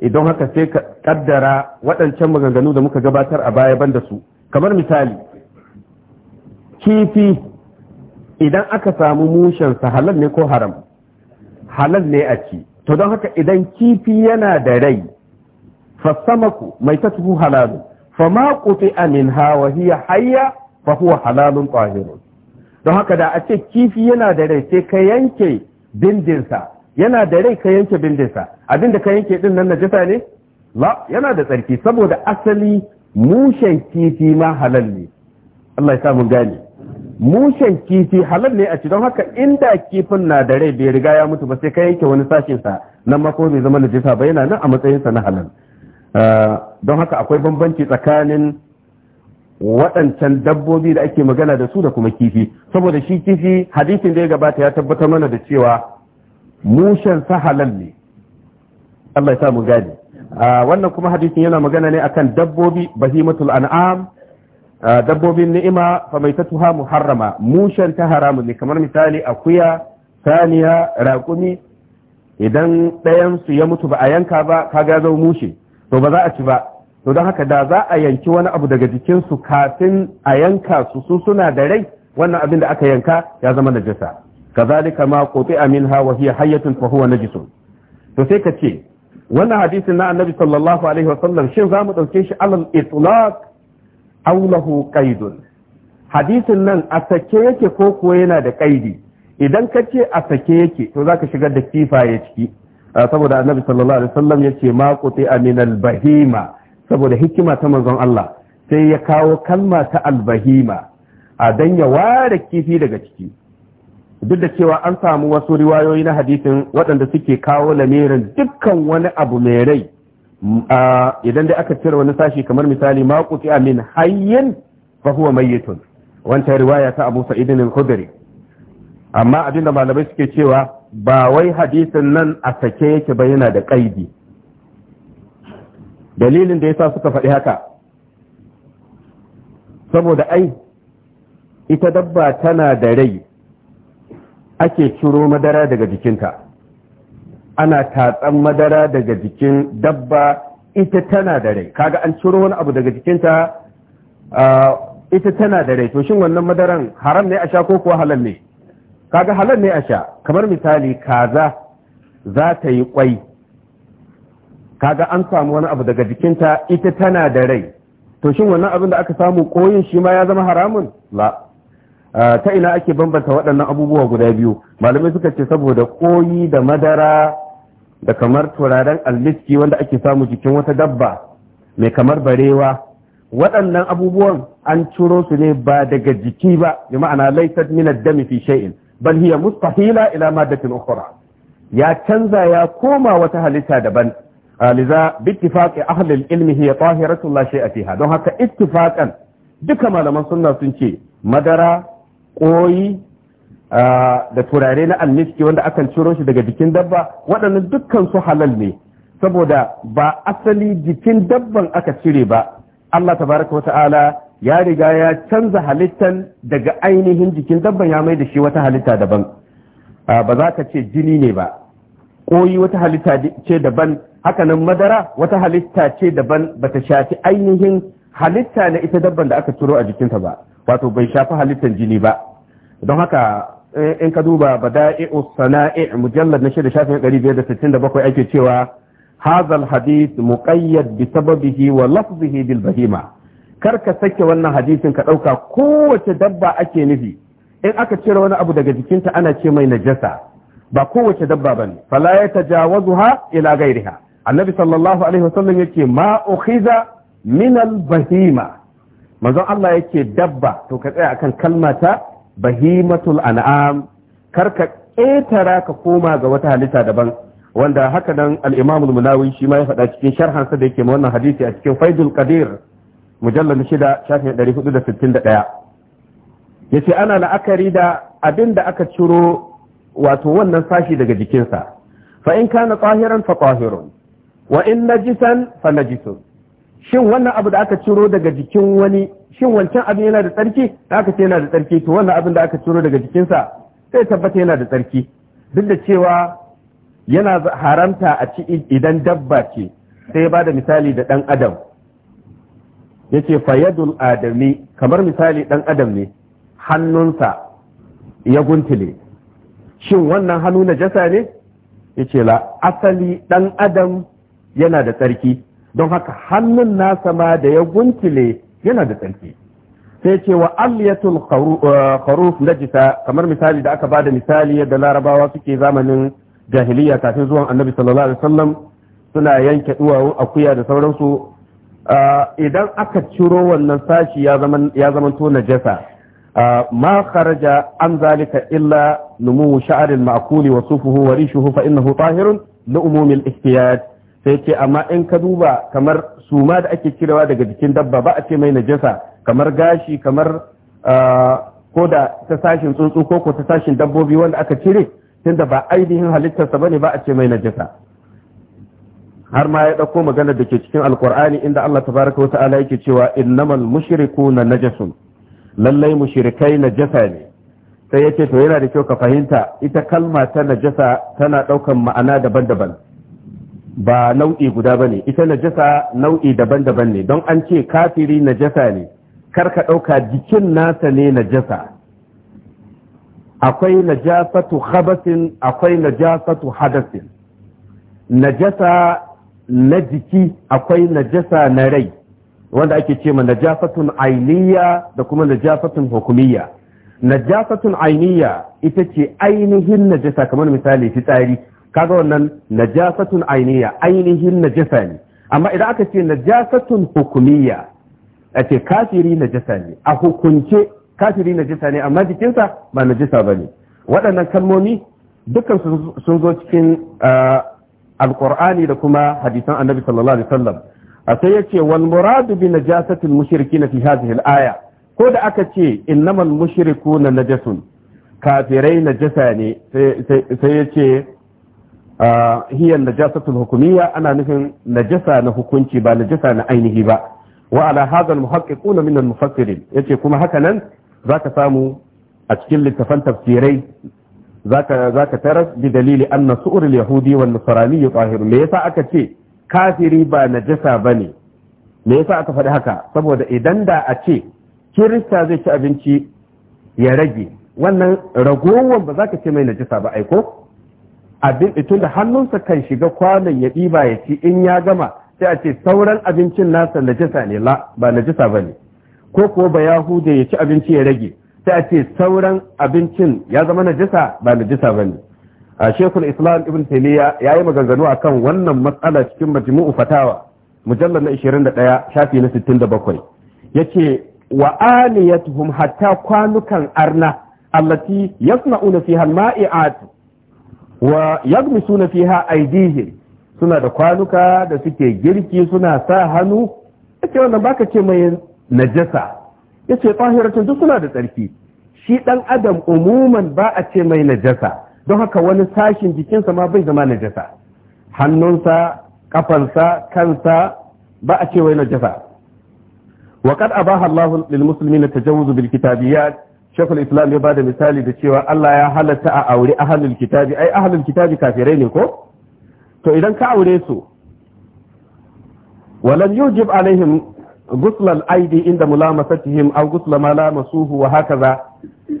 idan haka sai ka kaddara waɗancan maganganu da muka gabatar a baya banda su kamar misali kifi idan aka samu mushensa halal ne ko haram halal ne a ci to don haka idan kifi yana da rai fasamaku mai tatuhu halalu fama kuti amin hawa hiya hayya fa huwa halalun qahirun don haka da a ce kifi yana da rai sai ka yanke bindinsa yana da rai ka yanke bindinsa abinda ka yanke din nan najasa ne la yana da tsarki saboda asali mushen kifi ma halal ne Allah ya samu gane mushen kifi halal ne a ci don haka inda kifin na da rai bai riga ya mutu ba sai ka yanke wani sashin sa nan ma ko bai zama najasa ba yana nan a matsayin sa na halal Ah, don haka akwai bambanci tsakanin waɗancan dabbobi da ake magana da su da kuma kifi saboda shi kifi hadisin da ya gabata ya tabbatar mana da cewa mushen sa halal ne Allah ya sa mu gane ah, wannan kuma hadisin yana magana ne akan dabbobi bahimatul an'am ah, dabbobin ni'ima fa mai tatuha muharrama mushen ta haramu ne kamar misali akuya saniya raƙumi idan ɗayan su ya mutu ba a yanka ba kaga zau mushe to ba za a ci ba to don haka da za a yanki wani abu daga jikinsu kafin a yanka su su suna da rai wannan abin da aka yanka ya zama najasa kazalika ma amin ha wa hiya hayatun fa huwa najisun to sai ka ce wannan hadisin na annabi sallallahu alaihi wasallam shin za mu dauke shi alal itlaq aw lahu qaidun hadisin nan a sake yake ko kuwa yana da kaidi idan ka ce a sake yake to zaka shigar da kifaye ciki Ah, saboda annabi sallallahu alaihi wasallam yace ma quti al bahima saboda hikima ta manzon Allah sai ya kawo kalma ta albahima a dan ya ware kifi daga ciki duk da cewa an samu wasu riwayoyi na hadisin waɗanda suke kawo lamirin dukkan wani abu mai rai mm, idan dai aka cire wani sashi kamar misali ma quti amin hayyin fa huwa mayyitun wancan riwaya ta Abu Sa'id al-Khudri amma abinda malamai suke cewa ba wai hadisin nan a sake yake ba yana da ƙaidi dalilin da ya sa suka faɗi haka saboda ai ita dabba tana da rai ake ciro madara daga jikinta ana tatsan madara daga jikin dabba ita tana da rai kaga an ciro wani abu daga jikinta ah, ita tana da rai to shin wannan madaran haram ne a sha ko kuwa halal ne kaga halal ne a sha kamar misali kaza za ta yi kwai kaga an samu wani abu daga jikinta ita tana da rai to shin wannan abin da aka samu koyin shi ma ya zama haramun la ah, ta ina ake bambanta waɗannan abubuwa guda biyu malamai suka ce saboda koyi da madara da kamar turaren alliski wanda ake samu jikin wata dabba mai kamar barewa waɗannan abubuwan an ciro su ne ba daga jiki ba bi ma'ana laisat min ad-dami fi shay'in bal hiya mustahila ila maddatin ukhra ya canza ya koma wata halitta daban ah, liza bittifaqi ahli al-ilmi hiya tahiratu la shay'a fiha don haka ittifaqan duka malaman sunna sun ce madara koyi ah, da turare na almiski wanda akan ciro shi daga jikin dabba waɗannan dukansu halal ne saboda ba asali jikin dabban aka cire ba Allah tabaraka wa ta'ala ya riga ya canza halittan daga ainihin jikin dabban ya mai da shi wata halitta daban ba za ka ce jini ne ba koyi wata halitta ce daban hakanan madara wata halitta ce daban bata shafi ainihin halitta na ita dabban da aka turo a jikinta ba wato bai shafi halittan jini ba don haka eh, in ka duba bada'i'u sana'i mujallar na shida shafin biyar da da sittin bakwai ake cewa hazal hadith muqayyad bi sababihi wa lafzihi bil bahima kar ka sake wannan hadisin ka ɗauka kowace dabba ake nufi in aka cire wani abu daga jikinta ana ce mai najasa ba kowace dabba bane fala ya tajawazuha ila gairiha annabi sallallahu alaihi wasallam yake ma ukhiza min al bahima manzon Allah yake dabba to ka tsaya akan kalmata bahimatul an'am kar ka ƙetara ka koma ga wata halitta daban wanda haka nan al-imam munawi shi ma ya faɗa cikin sharhansa da yake wannan hadisi a cikin faidul qadir mujallar shida shafin ɗaya. ya ce ana la'akari da abin da aka ciro wato wannan sashi daga jikinsa fa in kana tsahiran fa tsahirun wa in najisan fa najisun shin wannan abu da aka ciro daga jikin wani shin wancan abin yana da tsarki da aka ce yana da tsarki to wannan abin da aka ciro daga jikinsa sai tabbata yana da tsarki duk da cewa yana haramta a ci idan dabba ce sai ya ba da misali da ɗan adam yace fayadul adami kamar misali dan adam ne hannunsa ya guntule shin wannan hannu na jasa ne yace la asali dan adam yana da tsarki don haka hannun nasa ma da ya guntule yana da tsarki sai ce wa aliyatul eh, kharuf najisa kamar misali da aka bada misali yadda larabawa suke zamanin jahiliya kafin zuwan annabi sallallahu alaihi wasallam suna yanke duwawu akuya da sauransu Ah, idan aka ciro wannan sashi ya zama to najasa ah, ma kharaja an zalika illa numu sha'aril ma'kuli wa sufuhu wa rishuhu fa innahu tahirun li umumil ihtiyaj sai ce amma in ka duba kamar suma da ake cirewa daga jikin dabba ba a ce mai najasa kamar gashi kamar ah, ko da ta sashin tsuntsu ko ko ta sashin dabbobi wanda aka cire tunda ba ainihin halittarsa bane ba a ce mai najasa har ma ya ɗauko maganar da ke cikin alkur'ani inda Allah tabaraka wa ta'ala yake cewa innamal na najasun lallai mushrikai najasa ne sai yace to yana da kyau ka fahimta ita kalma ta najasa tana ɗaukan ma'ana daban-daban ba nau'i guda ne. ita najasa nau'i daban-daban ne don an ce kafiri najasa ne kar ka ɗauka jikin nasa ne najasa akwai najasatu khabasin akwai najasatu hadasin najasa na jiki akwai najasa na rai wanda ake ce ma najasatun ainiya da kuma najasatun hukumiyya najasatun ainiya ita ce ainihin najasa kamar misali fitsari kaga wannan najasatun ainiya ainihin najasa ne amma idan aka ce najasatun hukumiyya a ce kafiri najasa ne a hukunce kafiri najasa ne amma jikinsa ba najasa ba ne waɗannan kalmomi dukkan sun zo cikin ah, Alƙur'ani da kuma hadisan annabi sallallahu alaihi wasallam a sai yace wani muradu bi najasatil mushrikina fi hadhihi al aya ko da aka ce innamal mushrikuna najasun kafirai najasa ne sai yace ah, hiya najasatul hukumiyya ana nufin najasa na hukunci ba najasa na ainihi ba wa ala hadha al muhaqqiquna min al mufassirin yace kuma haka nan zaka samu a cikin littafan tafsirai zaka zaka taras bi dalili anna su'ur al-yahudi wal nasrani yutahhiru me yasa aka ce kafiri ba najasa bane me yasa aka faɗi haka saboda idan da a ce kirista zai ci abinci ya rage wannan ragowar ba za ka ce mai najasa ba aiko abin itun da hannunsa kan shiga kwanan ya ɗiba ya ci in ya gama sai a ce sauran abincin nasa najisa ne la ba najisa ba ne ko kuwa ba yahuda ya ci abinci ya rage sai a ce sauran abincin ya zama najasa ba najasa ne. a shekul islam ibn taymiya yi maganganu kan wannan matsala cikin majmu'u fatawa mujallar na 21 shafi na 67 yace wa tuhum hatta kwanukan arna allati yasna'una fiha al-ma'i'at wa yagmisuna fiha aydihim suna da kwanuka da suke girki suna sa hannu yace wannan baka ce mai najasa yace tahiratun duk suna da tsarki shi dan adam umuman ba a ce mai najasa don haka wani sashin jikinsa ma bai zama najasa hannunsa kafansa kansa ba a ce wai najasa wa kad abaha Allahu lil muslimina tajawuzu bil kitabiyat shekul islam ya misali da cewa Allah ya halatta a aure ahalul kitabi ai ahalul kitabi kafirai ne ko to idan ka aure su walam yujib alaihim guslal aidi inda mulamasatihim aw gusla ma lamasuhu wa hakaza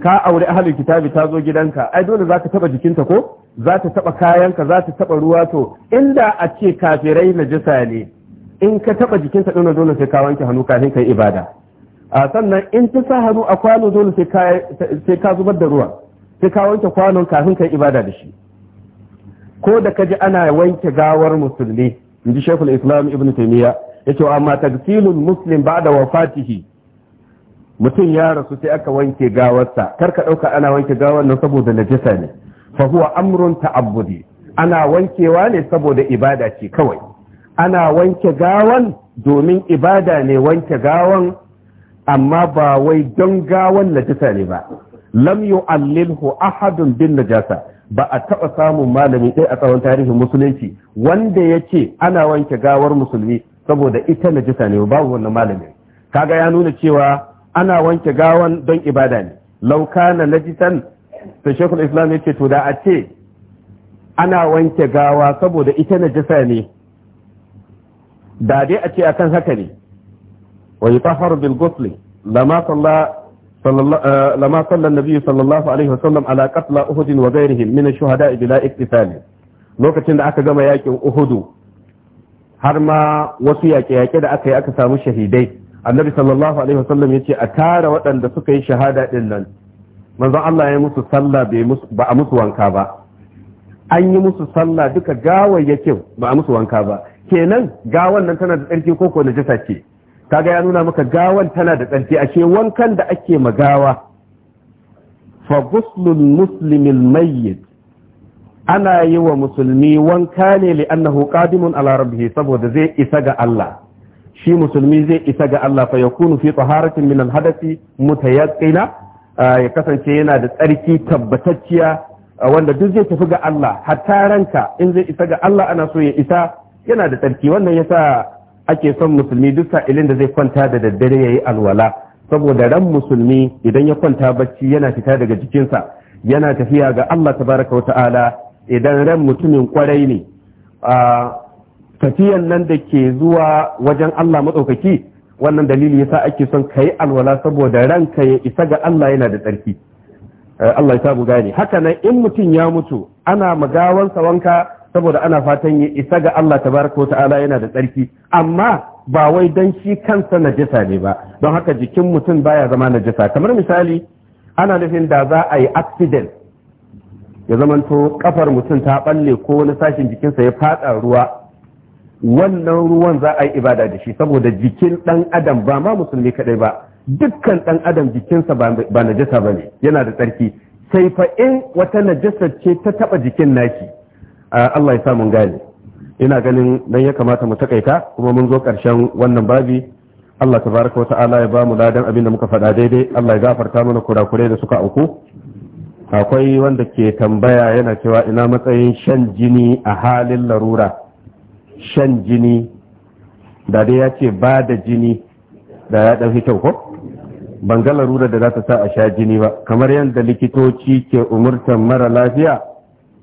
ka aure ahlul kitabi tazo gidanka ai dole zaka taba jikinta ko za taba kayanka za taba ruwa to inda a ce kafirai najasa ne in ka taba jikinta dole dole sai ka wanke hannu kafin kai ibada a sannan in ta sa hannu a kwano dole sai ka zubar da ruwa sai ka wanke kwanon kafin kai ibada da shi ko da kaji ana wanke gawar musulmi in ji shekul islam ibn taimiyya yace amma tagsilul muslim ba'da wafatihi mutum ya rasu sai aka wanke gawarsa kar ka dauka ana wanke gawar nan saboda najasa ne fa huwa amrun ta'abbudi ana wankewa ne saboda ibada ce kawai ana wanke gawan domin ibada ne wanke gawan amma ba wai don gawan najasa ne ba lam yu'allilhu ahadun bin najasa ba a taɓa samun malami ɗaya a tsawon tarihin musulunci wanda ya ce ana wanke gawar musulmi saboda ita najasa ne babu wannan malami. kaga ya nuna cewa ana wanke gawan don ibada ne lauka na najisan da shekul islam ya ce to da a ce ana wanke gawa saboda ita najasa ne da dai a ce akan haka ne wa yutahharu bil ghusl lama sallan لما صلى النبي صلى الله عليه وسلم على قتلى أحد وغيرهم من الشهداء بلا اقتتال da aka gama yakin Uhudu har ma wasu yaƙe-yaƙe da aka yi aka samu shahidai annabi sallallahu alaihi wasallam ya ce a tara waɗanda suka yi shahada ɗin nan manzon Allah ya musu sallah ba a musu wanka ba an yi musu sallah duka gawayyakin ba a musu wanka ba kenan gawan nan tana da tsarki ko ko najasa ce kaga ya nuna maka gawan tana da tsarki ashe wankan da ake magawa fa ghuslul muslimil mayyit ana yi wa musulmi wanka ne li'annahu qadimun ala rabbih saboda zai isa ga Allah shi musulmi zai isa ga Allah fa yakunu fi taharatin min al-hadathi mutayaqqina ya kasance yana da tsarki tabbatacciya wanda duk zai tafi ga Allah hatta ranka in zai isa ga Allah ana so ya isa yana da tsarki wannan yasa ake son musulmi duk sa'ilin da zai kwanta da daddare yayi alwala saboda ran musulmi idan ya kwanta bacci yana fita daga jikinsa yana tafiya ga Allah tabaraka wa ta'ala idan ran mutumin kwarai ne tafiyan nan da ke zuwa wajen Allah matsaukaki wannan dalili yasa ake son ka yi alwala saboda ranka ya isa ga Allah yana da tsarki Allah ya sabu gane haka nan in mutum ya mutu ana magawansa wanka saboda ana fatan ya isa ga Allah tabaraka ta'ala yana da tsarki amma ba wai dan shi kansa najasa ne ba don haka jikin mutum baya zama najasa kamar misali ana nufin da za a yi accident ya zamanto kafar mutum ta balle ko wani sashin jikinsa ya fada ruwa wannan ruwan za a yi ibada da shi saboda jikin dan adam ba ma musulmi kadai ba dukkan dan adam jikinsa ba najasa ne. yana da tsarki sai fa in wata najasa ce ta taba jikin naki Allah ya samu gane ina ganin dan ya kamata mu takaita kuma mun zo karshen wannan babi Allah tabaraka wa ta'ala ya ba mu ladan abin da muka faɗa daidai Allah ya gafarta mana kurakurai da suka auku akwai wanda ke tambaya yana cewa ina matsayin shan jini a halin larura shan jini da dai ya ce ba da jini da ya ɗan kyau ko ban ga larura da za ta sa a sha jini ba kamar yadda likitoci ke umurtan mara lafiya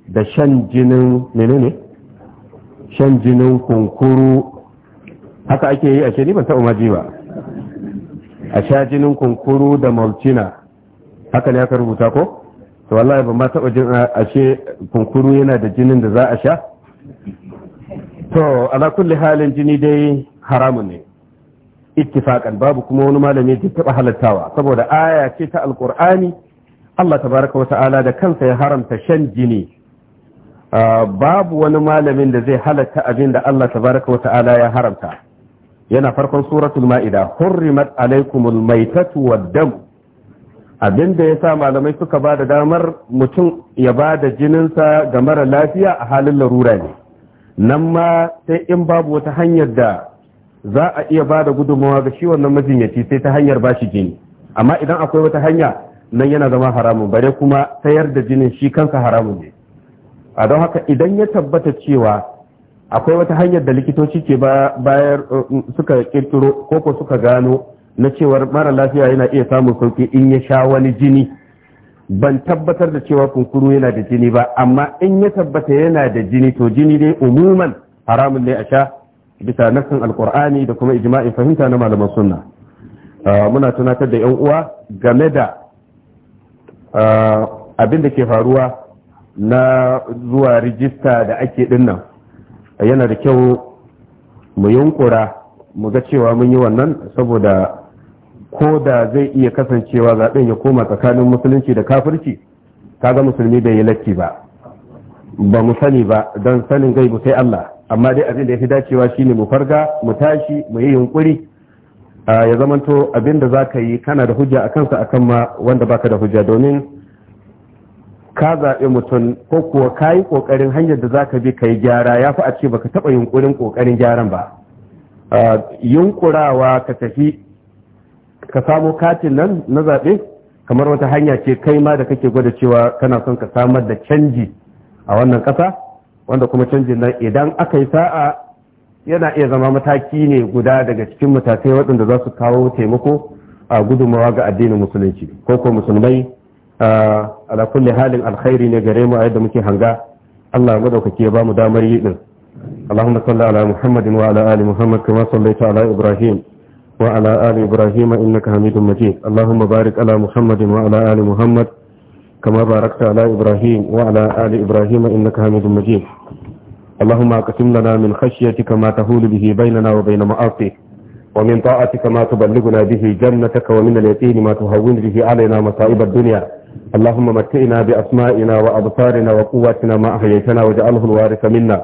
da shan jinin menene shan jinin kunkuru haka ake yi a shi ban taɓa maji ba a sha jinin kunkuru da maltina haka ne aka rubuta ko to wallahi ban ma taba jin ah, ashe kunkuru yana da jinin da za a sha to ala kulli halin jini dai haramun ne ittifaqan babu kuma wani malami da taba halattawa saboda aya ce ta alqur'ani Allah tabaraka wa ta'ala da kansa ya haramta shan jini ah, babu wani malamin da zai halatta abin da Allah tabaraka wa ta'ala ya haramta yana farkon suratul ma'ida hurrimat alaykumul maytatu wad-damu Abinda ya sa malamai suka ba da damar mutum ya ba da jininsa ga mara lafiya a halin larura ne nan ma sai in babu wata hanyar da za a iya ba da gudunmawa ga shi wannan majinyaci sai ta hanyar ba shi jini amma idan akwai wata hanya nan yana zama haramun bare kuma sayar da jinin shi kansa haramun ne a don haka idan ya tabbata cewa akwai wata hanyar da likitoci ke bayar uh, suka kirkiro ko suka gano na cewar mara lafiya yana iya samun sauki in ya sha wani jini ban tabbatar da cewa kunkuru yana da jini ba amma in ya tabbata yana da jini to jini dai umuman haramun ne a sha bisa nassin alkur'ani da kuma ijma'in fahimta na malaman sunna ah, muna tunatar da yan uwa game da ah, abin da ke faruwa na zuwa rijista da ake dinnan yana da kyau mu yunkura mu ga cewa mun yi wannan saboda ko da zai iya kasancewa zaɓen ya koma tsakanin musulunci da kafirci kaga musulmi bai yi latti ba ba mu sani ba don sanin gai mu sai Allah amma dai abin da ya fi dacewa shine mu farga mu tashi mu yi yunkuri ya zamanto abin da za ka yi kana da hujja a kansa akan ma wanda baka da hujja domin ka zaɓi mutum ko kuwa ka yi ƙoƙarin hanyar da za ka bi ka yi gyara ya fi a ce baka taɓa yunkurin ƙoƙarin gyaran ba yunƙurawa ka tafi ka samo katin nan na zaɓe kamar wata hanya ce kai ma da kake gwada cewa kana son ka samar da canji a wannan ƙasa wanda kuma canjin nan idan aka yi sa'a yana iya zama mataki ne guda daga cikin matakai waɗanda za su kawo taimako a gudunmawa ga addinin musulunci ko ko musulmai ala kulli halin alkhairi ne gare mu a yadda muke hanga Allah madaukaki ya mu damar yi din Allahumma salli ala Muhammadin wa ala ali Muhammad kama sallaita ala Ibrahim وعلى آل إبراهيم إنك حميد مجيد اللهم بارك على محمد وعلى آل محمد كما باركت على إبراهيم وعلى آل إبراهيم إنك حميد مجيد اللهم أقسم لنا من خشيتك ما تهول به بيننا وبين معاصيك ومن طاعتك ما تبلغنا به جنتك ومن اليقين ما تهون به علينا مصائب الدنيا اللهم متئنا بأسمائنا وأبصارنا وقواتنا ما أحييتنا واجعله الوارث منا